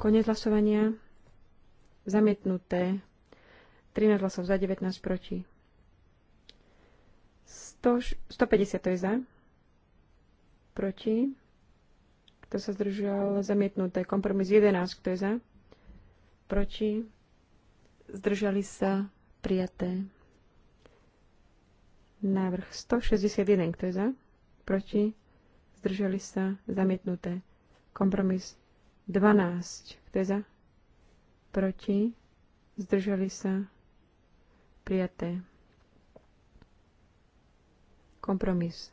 Konec hlasovania. Zamietnuté. 13 hlasov za, 19 proti. 100, 150 to je za. Proti. Kto sa zdržal? Zamietnuté. Kompromis 11, kto je za? Proti. Zdržali sa Prijaté. Návrh 161. Kto je za? Proti? Zdržali sa? Zamietnuté. Kompromis 12. Kto je za? Proti? Zdržali sa? Prijaté. Kompromis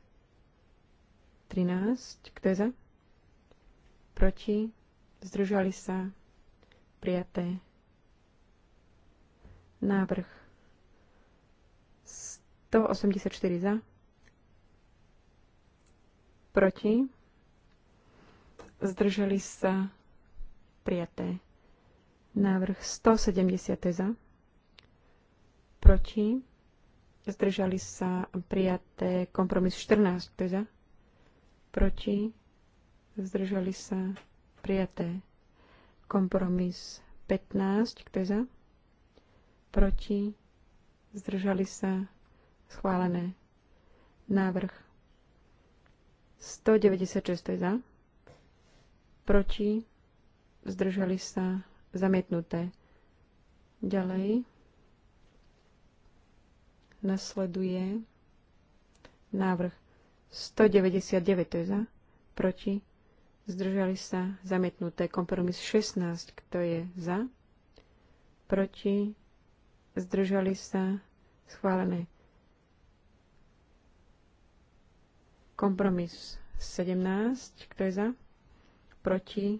13. Kto je za? Proti? Zdržali sa? Prijaté. Návrh 184 za. Proti. zdrželi sa prijaté. Návrh 170 za. Proti. Zdržali sa prijaté kompromis 14 za. Proti. Zdržali sa prijaté kompromis 15 kto je za. Proti. Zdržali sa Schválené. Návrh 196 je za. Proti. Zdržali sa. Zamietnuté. Ďalej. Nasleduje návrh 199 to je za. Proti. Zdržali sa. Zamietnuté. Kompromis 16. Kto je za? Proti. Zdržali sa. Schválené. Kompromis 17. Kto je za? Proti?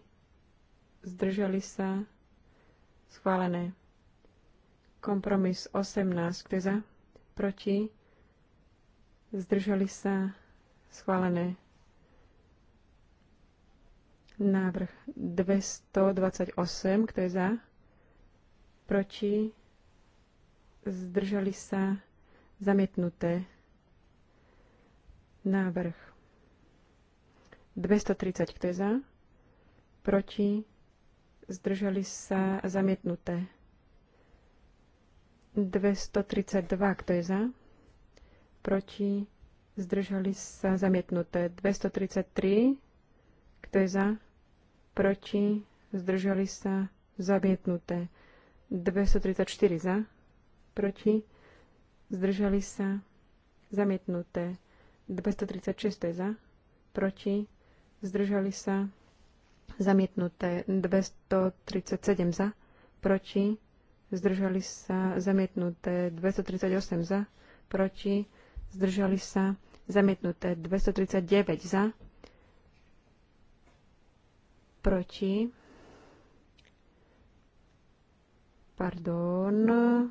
Zdržali sa? Schválené. Kompromis 18. Kto je za? Proti? Zdržali sa? Schválené. Návrh 228. Kto je za? Proti? Zdržali sa? Zamietnuté. Návrh 230, kto je za? Proti? Zdržali sa zamietnuté. 232, kto je za? Proti? Zdržali sa zamietnuté. 233, kto je za? Proti? Zdržali sa zamietnuté. 234 za? Proti? Zdržali sa zamietnuté. 236 je za, proti, zdržali sa, zamietnuté 237 za, proti, zdržali sa, zamietnuté 238 za, proti, zdržali sa, zamietnuté 239 za, proti, pardon,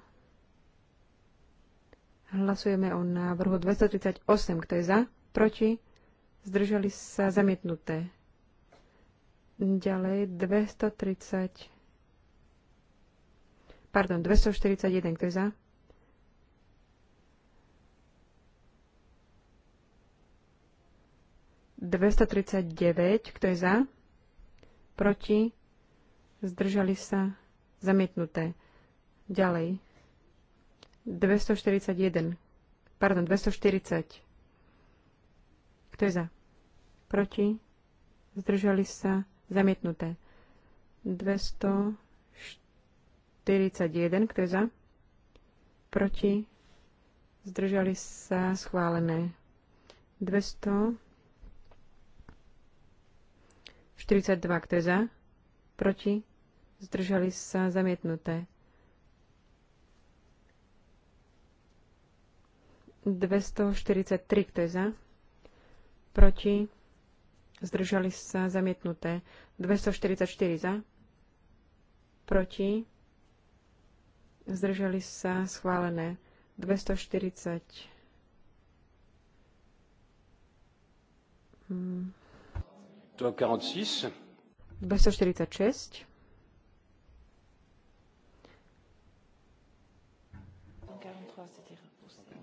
Hlasujeme o návrhu 238. Kto je za? Proti? Zdržali sa zamietnuté. Ďalej 230. Pardon, 241. Kto je za? Dvestotridsaťdeväť. Kto je za? Proti? Zdržali sa? Zamietnuté. Ďalej. 241. Pardon, 240. Kto je za? Proti? Zdržali sa? Zamietnuté. 241. Kto je za? Proti? Zdržali sa? Schválené. 242. Kto je za? Proti? Zdržali sa? Zamietnuté. 243, kto je za? Proti? Zdržali sa zamietnuté. 244 za? Proti? Zdržali sa schválené. 240. Hmm. 246. 246.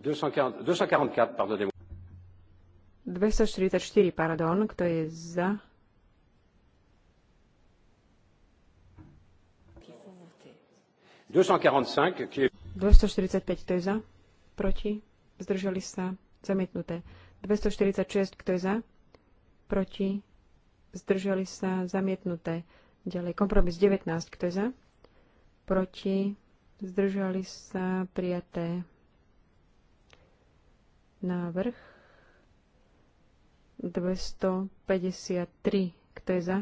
244, pardonnez-moi. 244, pardon, kto je za? Qui 245, kto je za? Proti? Zdržali sa? Zamietnuté. 246, kto je za? Proti? Zdržali sa? Zamietnuté. Ďalej kompromis 19, kto je za? Proti? Zdržali sa? Prijaté. Návrh 253. Kto je za?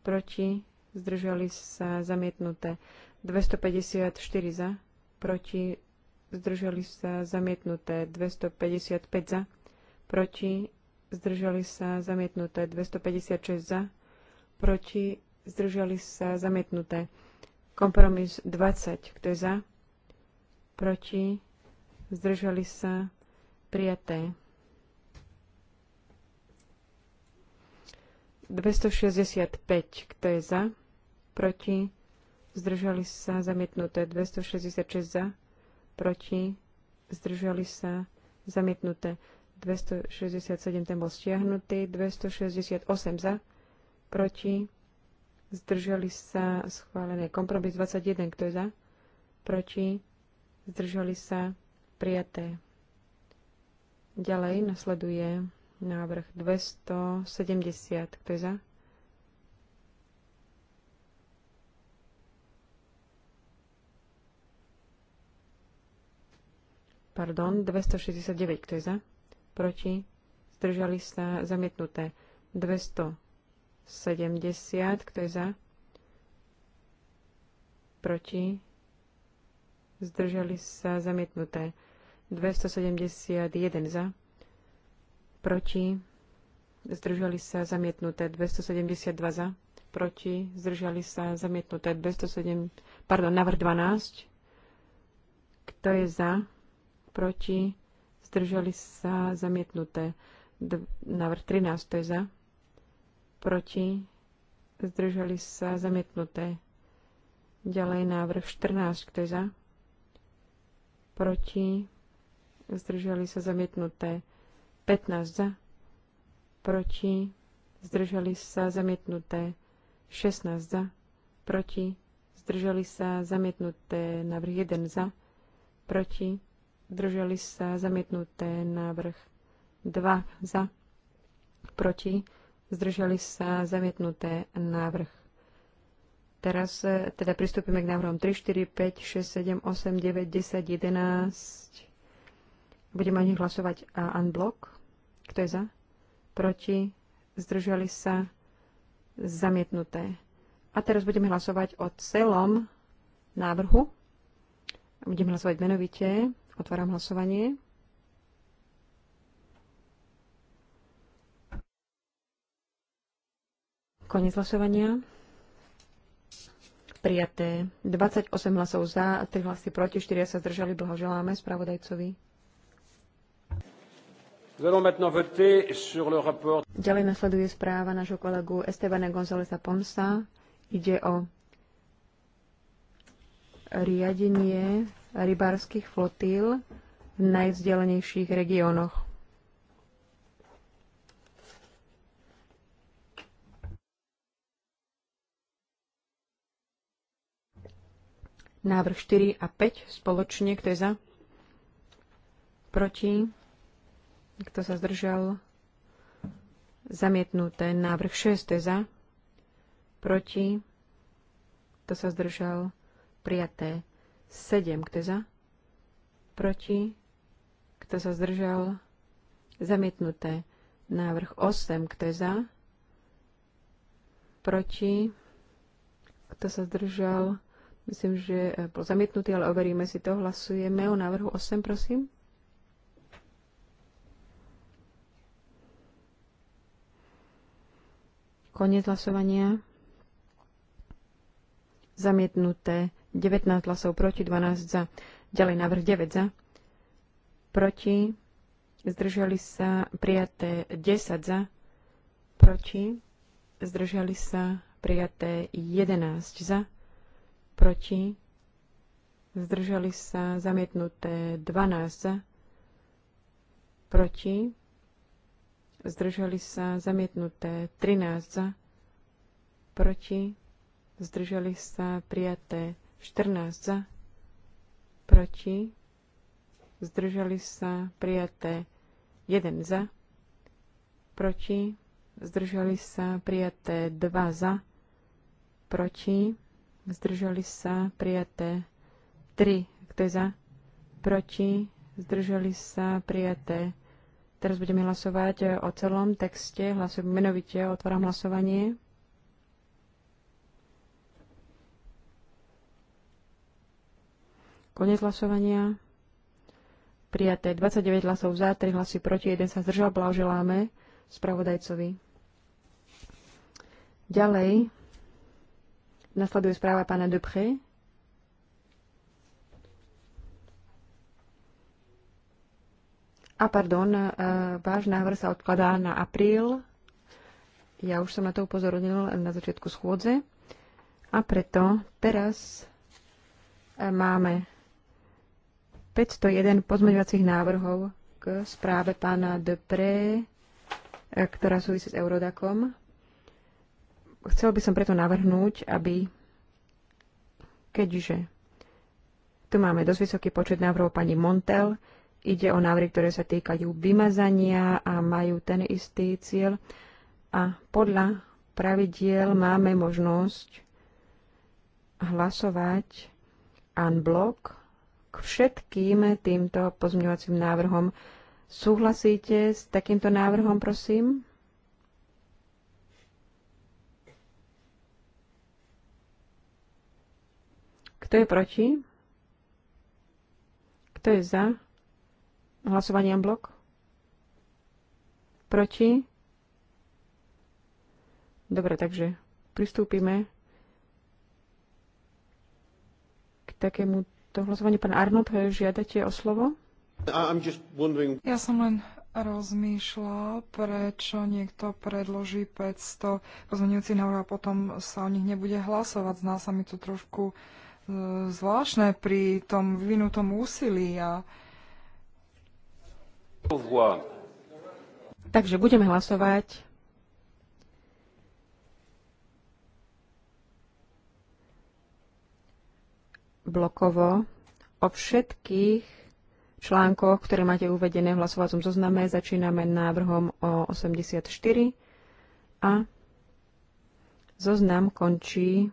Proti? Zdržali sa zamietnuté. 254 za. Proti? Zdržali sa zamietnuté. 255 za. Proti? Zdržali sa zamietnuté. 256 za. Proti? Zdržali sa zamietnuté. Kompromis 20. Kto je za? Proti? Zdržali sa prijaté. 265, kto je za, proti, zdržali sa, zamietnuté. 266 za, proti, zdržali sa, zamietnuté. 267 ten bol stiahnutý, 268 za, proti, zdržali sa, schválené. Kompromis 21, kto je za, proti, zdržali sa, prijaté. Ďalej nasleduje návrh 270. Kto je za? Pardon, 269. Kto je za? Proti? Zdržali sa zamietnuté. 270. Kto je za? Proti? Zdržali sa zamietnuté. 271 za, proti, zdržali sa zamietnuté 272 za, proti, zdržali sa zamietnuté 207, pardon, návrh 12. Kto je za, proti, zdržali sa zamietnuté návrh 13, to je za, proti, zdržali sa zamietnuté. Ďalej návrh 14, kto je za, proti, zdržali sa zamietnuté 15 za, proti, zdržali sa zamietnuté 16 za, proti, zdržali sa zamietnuté návrh 1 za, proti, zdržali sa zamietnuté návrh 2 za, proti, zdržali sa zamietnuté návrh. Teraz e, teda pristúpime k návrhom 3, 4, 5, 6, 7, 8, 9, 10, 11, Budeme o nich hlasovať unblock. Kto je za? Proti? Zdržali sa? Zamietnuté. A teraz budeme hlasovať o celom návrhu. Budeme hlasovať menovite. Otváram hlasovanie. Konec hlasovania. Prijaté. 28 hlasov za, 3 hlasy proti, 4 sa zdržali. Blahoželáme spravodajcovi. Ďalej nasleduje správa nášho kolegu Estebana Gonzáleza Ponsa. Ide o riadenie rybárskych flotíl v najvzdelenejších regiónoch. Návrh 4 a 5 spoločne, kto je za? Proti? Kto sa zdržal? Zamietnuté. Návrh 6 je za. Proti. Kto sa zdržal? Prijaté. 7. Kto je za? Proti. Kto sa zdržal? Zamietnuté. Návrh 8. Kto je za? Proti. Kto sa zdržal? Myslím, že eh, bol zamietnutý, ale overíme si to. Hlasujeme o návrhu 8, prosím. Koniec hlasovania. Zamietnuté 19 hlasov proti, 12 za. Ďalej návrh 9 za. Proti. Zdržali sa prijaté 10 za. Proti. Zdržali sa prijaté 11 za. Proti. Zdržali sa zamietnuté 12 za. Proti zdržali sa zamietnuté 13 za, proti, zdržali sa prijaté 14 za, proti, zdržali sa prijaté 1 za, proti, zdržali sa prijaté 2 za, proti, zdržali sa prijaté 3, kto je za, proti, zdržali sa prijaté Teraz budeme hlasovať eh, o celom texte. Hlasujem menovite. Otváram hlasovanie. Konec hlasovania. Prijaté 29 hlasov za, 3 hlasy proti, 1 sa zdržal. Blahoželáme spravodajcovi. Ďalej nasleduje správa pána Dupré. A pardon, e, váš návrh sa odkladá na apríl. Ja už som na to upozornil na začiatku schôdze. A preto teraz e, máme 501 pozmeňovacích návrhov k správe pána Depré, e, ktorá súvisí s Eurodakom. Chcel by som preto navrhnúť, aby keďže tu máme dosť vysoký počet návrhov pani Montel, Ide o návrhy, ktoré sa týkajú vymazania a majú ten istý cieľ. A podľa pravidiel máme možnosť hlasovať unblock k všetkým týmto pozmeňovacím návrhom. Súhlasíte s takýmto návrhom, prosím? Kto je proti? Kto je za? Hlasovanie blok. Proti. Dobre, takže pristúpime k takému to hlasovaniu. Pán Arnold, žiadate o slovo? Ja som len rozmýšľa, prečo niekto predloží 500 pozmeňujúcich návrh a potom sa o nich nebude hlasovať. Zná sa mi to trošku e, zvláštne pri tom vyvinutom úsilí a Takže budeme hlasovať. blokovo o všetkých článkoch, ktoré máte uvedené v hlasovacom zozname. Začíname návrhom o 84 a zoznam končí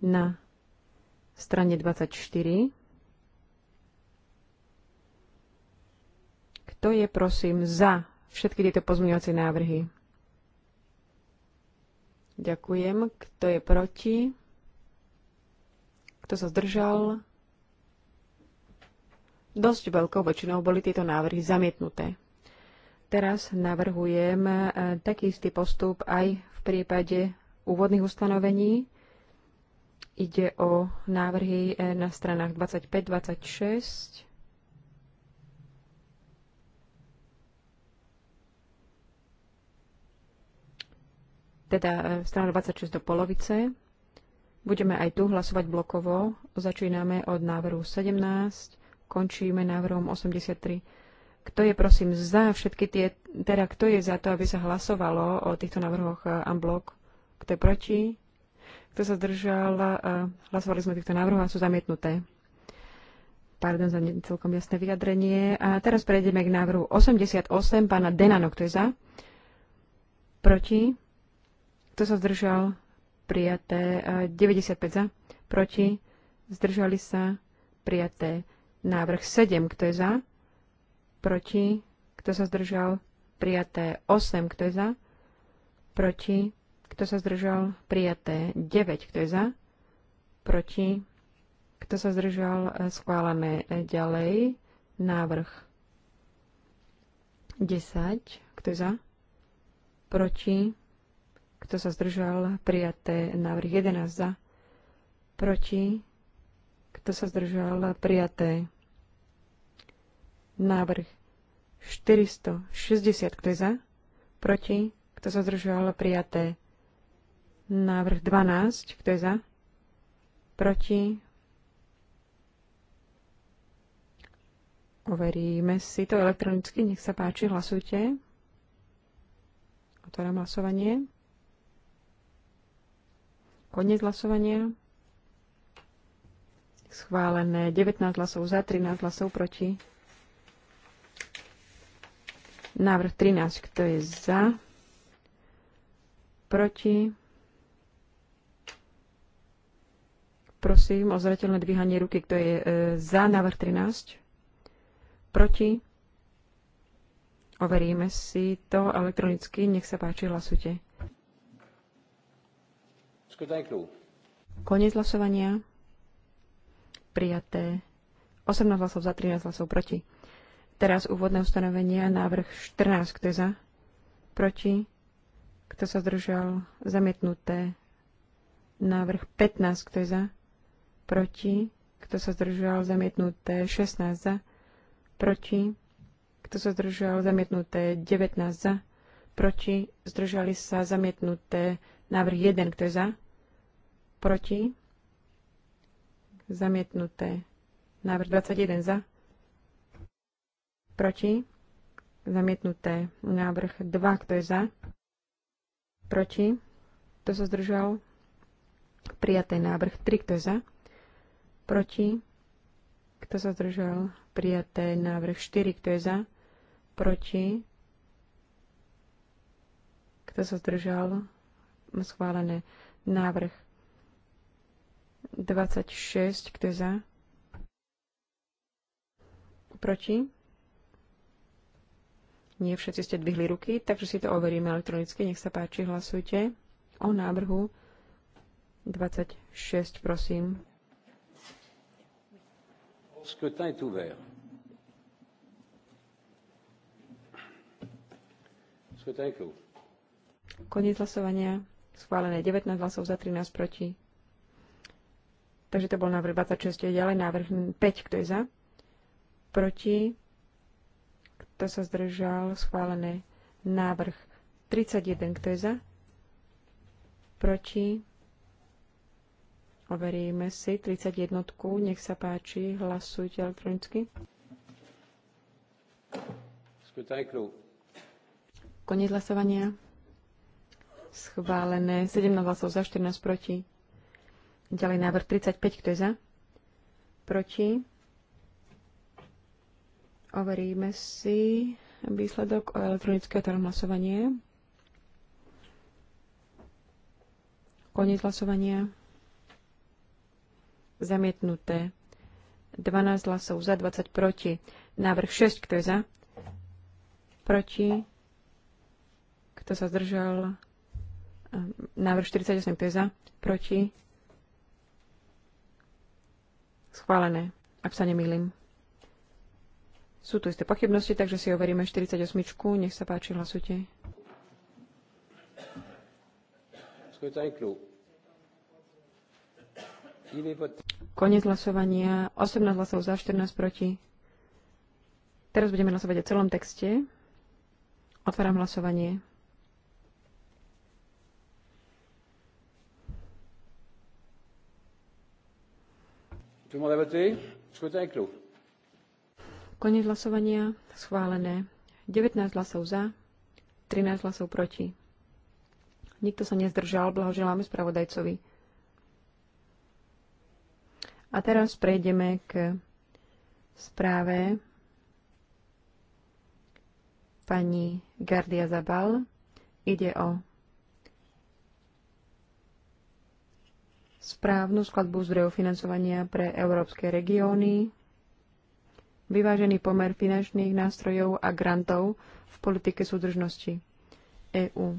na strane 24. Kto je prosím za všetky tieto pozmeňovacie návrhy? Ďakujem. Kto je proti? Kto sa zdržal? Dosť veľkou väčšinou boli tieto návrhy zamietnuté. Teraz navrhujem e, taký istý postup aj v prípade úvodných ustanovení. Ide o návrhy e, na stranách 25-26. teda e, strana 26 do polovice. Budeme aj tu hlasovať blokovo. Začíname od návrhu 17, končíme návrhom 83. Kto je prosím za všetky tie, teda kto je za to, aby sa hlasovalo o týchto návrhoch unblock? E, kto je proti? Kto sa zdržal? E, hlasovali sme týchto návrhov a sú zamietnuté. Pardon za celkom jasné vyjadrenie. A teraz prejdeme k návrhu 88 pána Denano. Kto je za? Proti? Kto sa zdržal? Prijaté. 95 za. Proti? Zdržali sa? Prijaté. Návrh 7. Kto je za? Proti? Kto sa zdržal? Prijaté. 8. Kto je za? Proti? Kto sa zdržal? Prijaté. 9. Kto je za? Proti? Kto sa zdržal? Schválené. Ďalej. Návrh 10. Kto je za? Proti? Kto sa zdržal? Prijaté. Návrh 11 za. Proti. Kto sa zdržal? Prijaté. Návrh 460. Kto je za? Proti. Kto sa zdržal? Prijaté. Návrh 12. Kto je za? Proti. Overíme si to elektronicky. Nech sa páči, hlasujte. Otváram hlasovanie. Koniec hlasovania. Schválené 19 hlasov za, 13 hlasov proti. Návrh 13, kto je za? Proti? Prosím o zretelné dvíhanie ruky, kto je e, za návrh 13? Proti? Overíme si to elektronicky, nech sa páči, hlasujte. Koniec hlasovania. Prijaté. 18 hlasov za, 13 hlasov proti. Teraz úvodné ustanovenia, návrh 14, kto je za, proti, kto sa zdržal, zamietnuté. Návrh 15, kto je za, proti, kto sa zdržal, zamietnuté. 16 za, proti, kto sa zdržal, zamietnuté. 19 za, proti, zdržali sa, zamietnuté. Návrh 1, kto je za? Proti? Zamietnuté. Návrh 21 za? Proti? Zamietnuté. Návrh 2, kto je za? Proti? Kto sa zdržal? Prijaté. Návrh 3, kto je za? Proti? Kto sa zdržal? Prijaté. Návrh 4, kto je za? Proti? Kto sa zdržal? schválené. Návrh 26, kto je za? Proti? Nie všetci ste dvihli ruky, takže si to overíme elektronicky. Nech sa páči, hlasujte o návrhu 26, prosím. Scrutin est ouvert. Scrutin clos. Koniec hlasovania. Schválené 19 hlasov za 13 proti. Takže to bol návrh 26. Ďalej návrh 5. Kto je za? Proti. Kto sa zdržal? Schválené návrh 31. Kto je za? Proti. Overíme si 31. Nech sa páči. Hlasujte elektronicky. Koniec hlasovania. Schválené. 17 hlasov za, 14 proti. Ďalej návrh 35, kto je za? Proti. Overíme si výsledok o elektronické hlasovanie. Koniec hlasovania. Zamietnuté. 12 hlasov za, 20 proti. Návrh 6, kto je za? Proti. Kto sa zdržal? Návrh 48 to je za, proti. Schválené, ak sa nemýlim. Sú tu isté pochybnosti, takže si overíme 48. Nech sa páči, hlasujte. Konec hlasovania. 18 hlasov za, 14 proti. Teraz budeme hlasovať o celom texte. Otváram hlasovanie. Koniec hlasovania schválené. 19 hlasov za, 13 hlasov proti. Nikto sa nezdržal, blahoželáme spravodajcovi. A teraz prejdeme k správe pani Gardia Zabal. Ide o správnu skladbu zdrojov financovania pre európske regióny, vyvážený pomer finančných nástrojov a grantov v politike súdržnosti EÚ.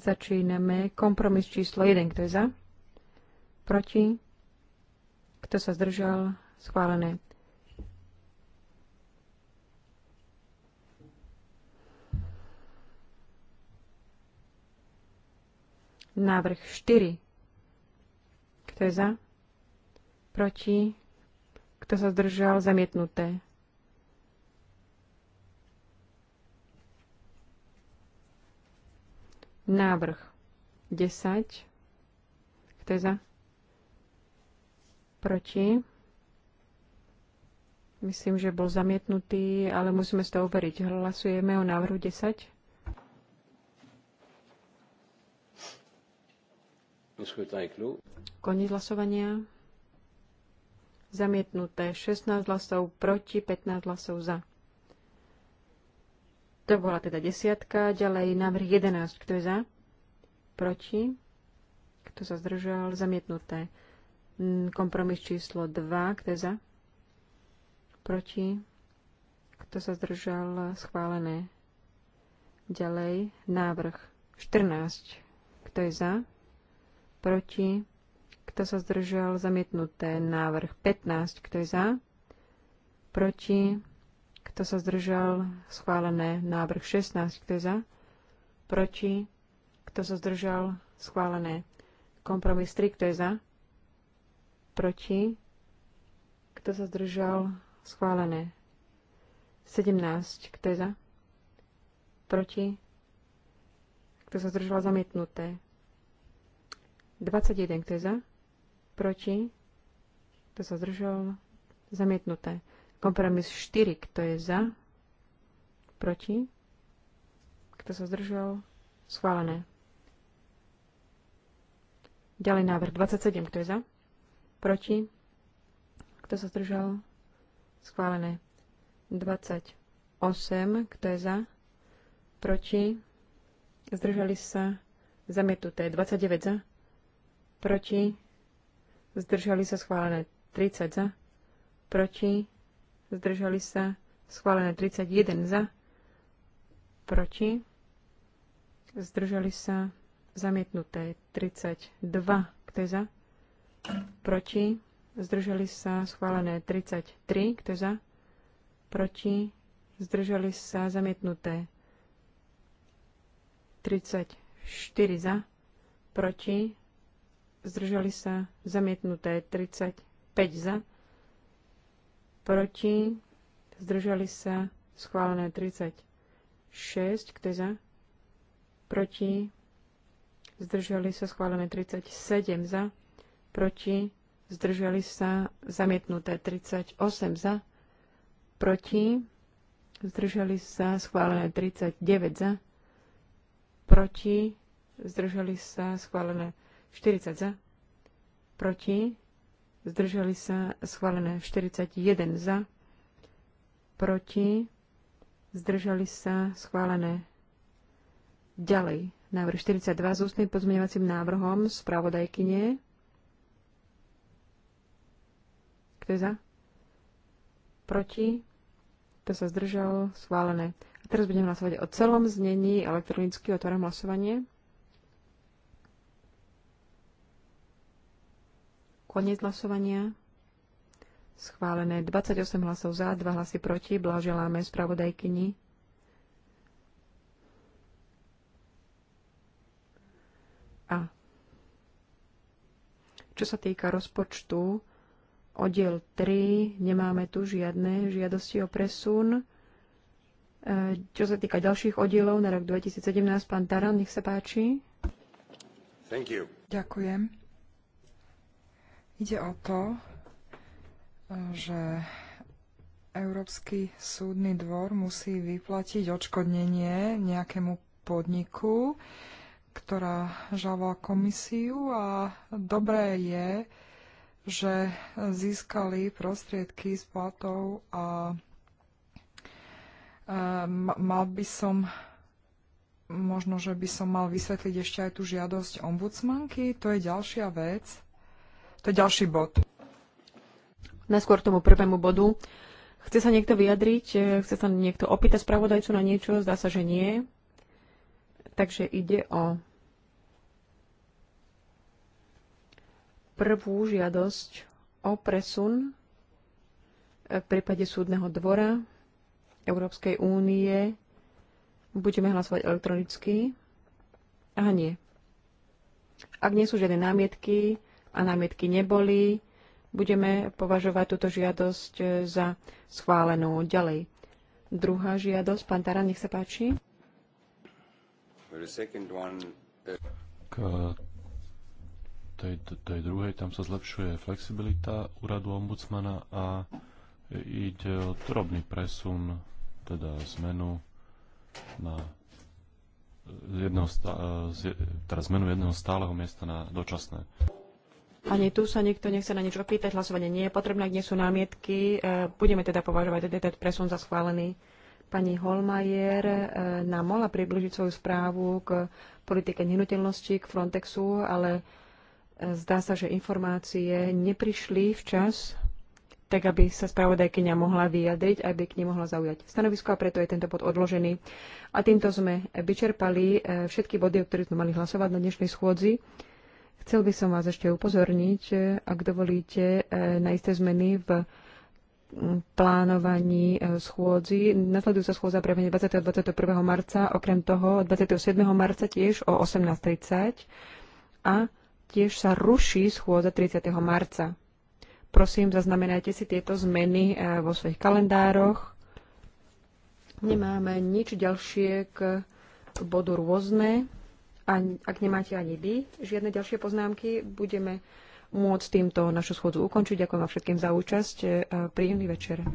Začíname kompromis číslo 1. Kto je za? Proti? Kto sa zdržal? Schválené. Návrh 4. Kto je za? Proti? Kto sa zdržal? Zamietnuté. Návrh 10. Kto je za? Proti? Myslím, že bol zamietnutý, ale musíme z toho overiť. Hlasujeme o návrhu 10. Koniec hlasovania. Zamietnuté 16 hlasov proti, 15 hlasov za. To bola teda desiatka. Ďalej návrh 11. Kto je za? Proti. Kto sa zdržal? Zamietnuté. Kompromis číslo 2. Kto je za? Proti. Kto sa zdržal? Schválené. Ďalej návrh 14. Kto je za? proti, kto sa zdržal, zamietnuté. Návrh 15, kto je za, proti, kto sa zdržal, schválené. Návrh 16, kto je za, proti, kto sa zdržal, schválené. Kompromis 3, kto je za, proti, kto sa zdržal, schválené. 17, kto je za, proti, kto sa zdržal, zamietnuté. 21, kto je za? Proti? Kto sa zdržal? Zamietnuté. Kompromis 4, kto je za? Proti? Kto sa zdržal? Schválené. Ďalej návrh 27, kto je za? Proti? Kto sa zdržal? Schválené. 28, kto je za? Proti? Zdržali sa? Zamietnuté. 29 za? proti, zdržali sa schválené 30 za, proti, zdržali sa schválené 31 za, proti, zdržali sa zamietnuté 32, kto je za, proti, zdržali sa schválené 33, kto je za, proti, zdržali sa zamietnuté 34 za, proti, zdržali sa, zamietnuté 35 za, proti, zdržali sa, schválené 36, kto za, proti, zdržali sa, schválené 37 za, proti, zdržali sa, zamietnuté 38 za, proti, zdržali sa, schválené 39 za, proti, zdržali sa, schválené 39 40 za, proti, zdržali sa schválené 41 za, proti, zdržali sa schválené ďalej. Návrh 42 s ústnym pozmeňovacím návrhom spravodajkyne. Kto je za? Proti? Kto sa zdržal? Schválené. A teraz budeme hlasovať o celom znení elektronicky. Otváram hlasovanie. Koniec hlasovania. Schválené 28 hlasov za, 2 hlasy proti. Blaželáme spravodajkyni. A čo sa týka rozpočtu, oddiel 3, nemáme tu žiadne žiadosti o presun. E, čo sa týka ďalších oddielov na rok 2017, pán Taran, nech sa páči. Thank you. Ďakujem. Ide o to, že Európsky súdny dvor musí vyplatiť odškodnenie nejakému podniku, ktorá žala komisiu a dobré je, že získali prostriedky z platov a e, mal by som možno, že by som mal vysvetliť ešte aj tú žiadosť ombudsmanky, to je ďalšia vec. To je ďalší bod. Najskôr tomu prvému bodu. Chce sa niekto vyjadriť? Chce sa niekto opýtať spravodajcu na niečo? Zdá sa, že nie. Takže ide o prvú žiadosť o presun e, v prípade súdneho dvora Európskej únie. Budeme hlasovať elektronicky. Aha, nie. Ak nie sú žiadne námietky, a námietky neboli, budeme považovať túto žiadosť e, za schválenú. Ďalej. Druhá žiadosť, pán Taran, nech sa páči. K tej, tej druhej tam sa zlepšuje flexibilita úradu ombudsmana a ide o drobný presun, teda zmenu na jedného, teda zmenu jedného stáleho miesta na dočasné. Ani tu sa nikto nechce na nič opýtať, hlasovanie nie je potrebné, ak nie sú námietky. E, budeme teda považovať ten presun za schválený. Pani Holmajer e, nám mohla približiť svoju správu k politike nehnuteľnosti, k Frontexu, ale e, zdá sa, že informácie neprišli včas, tak aby sa spravodajkyňa mohla vyjadriť, aby k nim mohla zaujať stanovisko a preto je tento bod odložený. A týmto sme vyčerpali všetky body, o ktorých sme mali hlasovať na dnešnej schôdzi. Chcel by som vás ešte upozorniť, e, ak dovolíte, e, na isté zmeny v plánovaní e, schôdzi. Nasledujúca schôdza prebehne 20. a 21. marca, okrem toho 27. marca tiež o 18.30 a tiež sa ruší schôdza 30. marca. Prosím, zaznamenajte si tieto zmeny vo svojich kalendároch. Nemáme nič ďalšie k bodu rôzne. A ak nemáte ani vy žiadne ďalšie poznámky, budeme môcť týmto našu schôdzu ukončiť. Ďakujem vám všetkým za účasť. E, príjemný večer.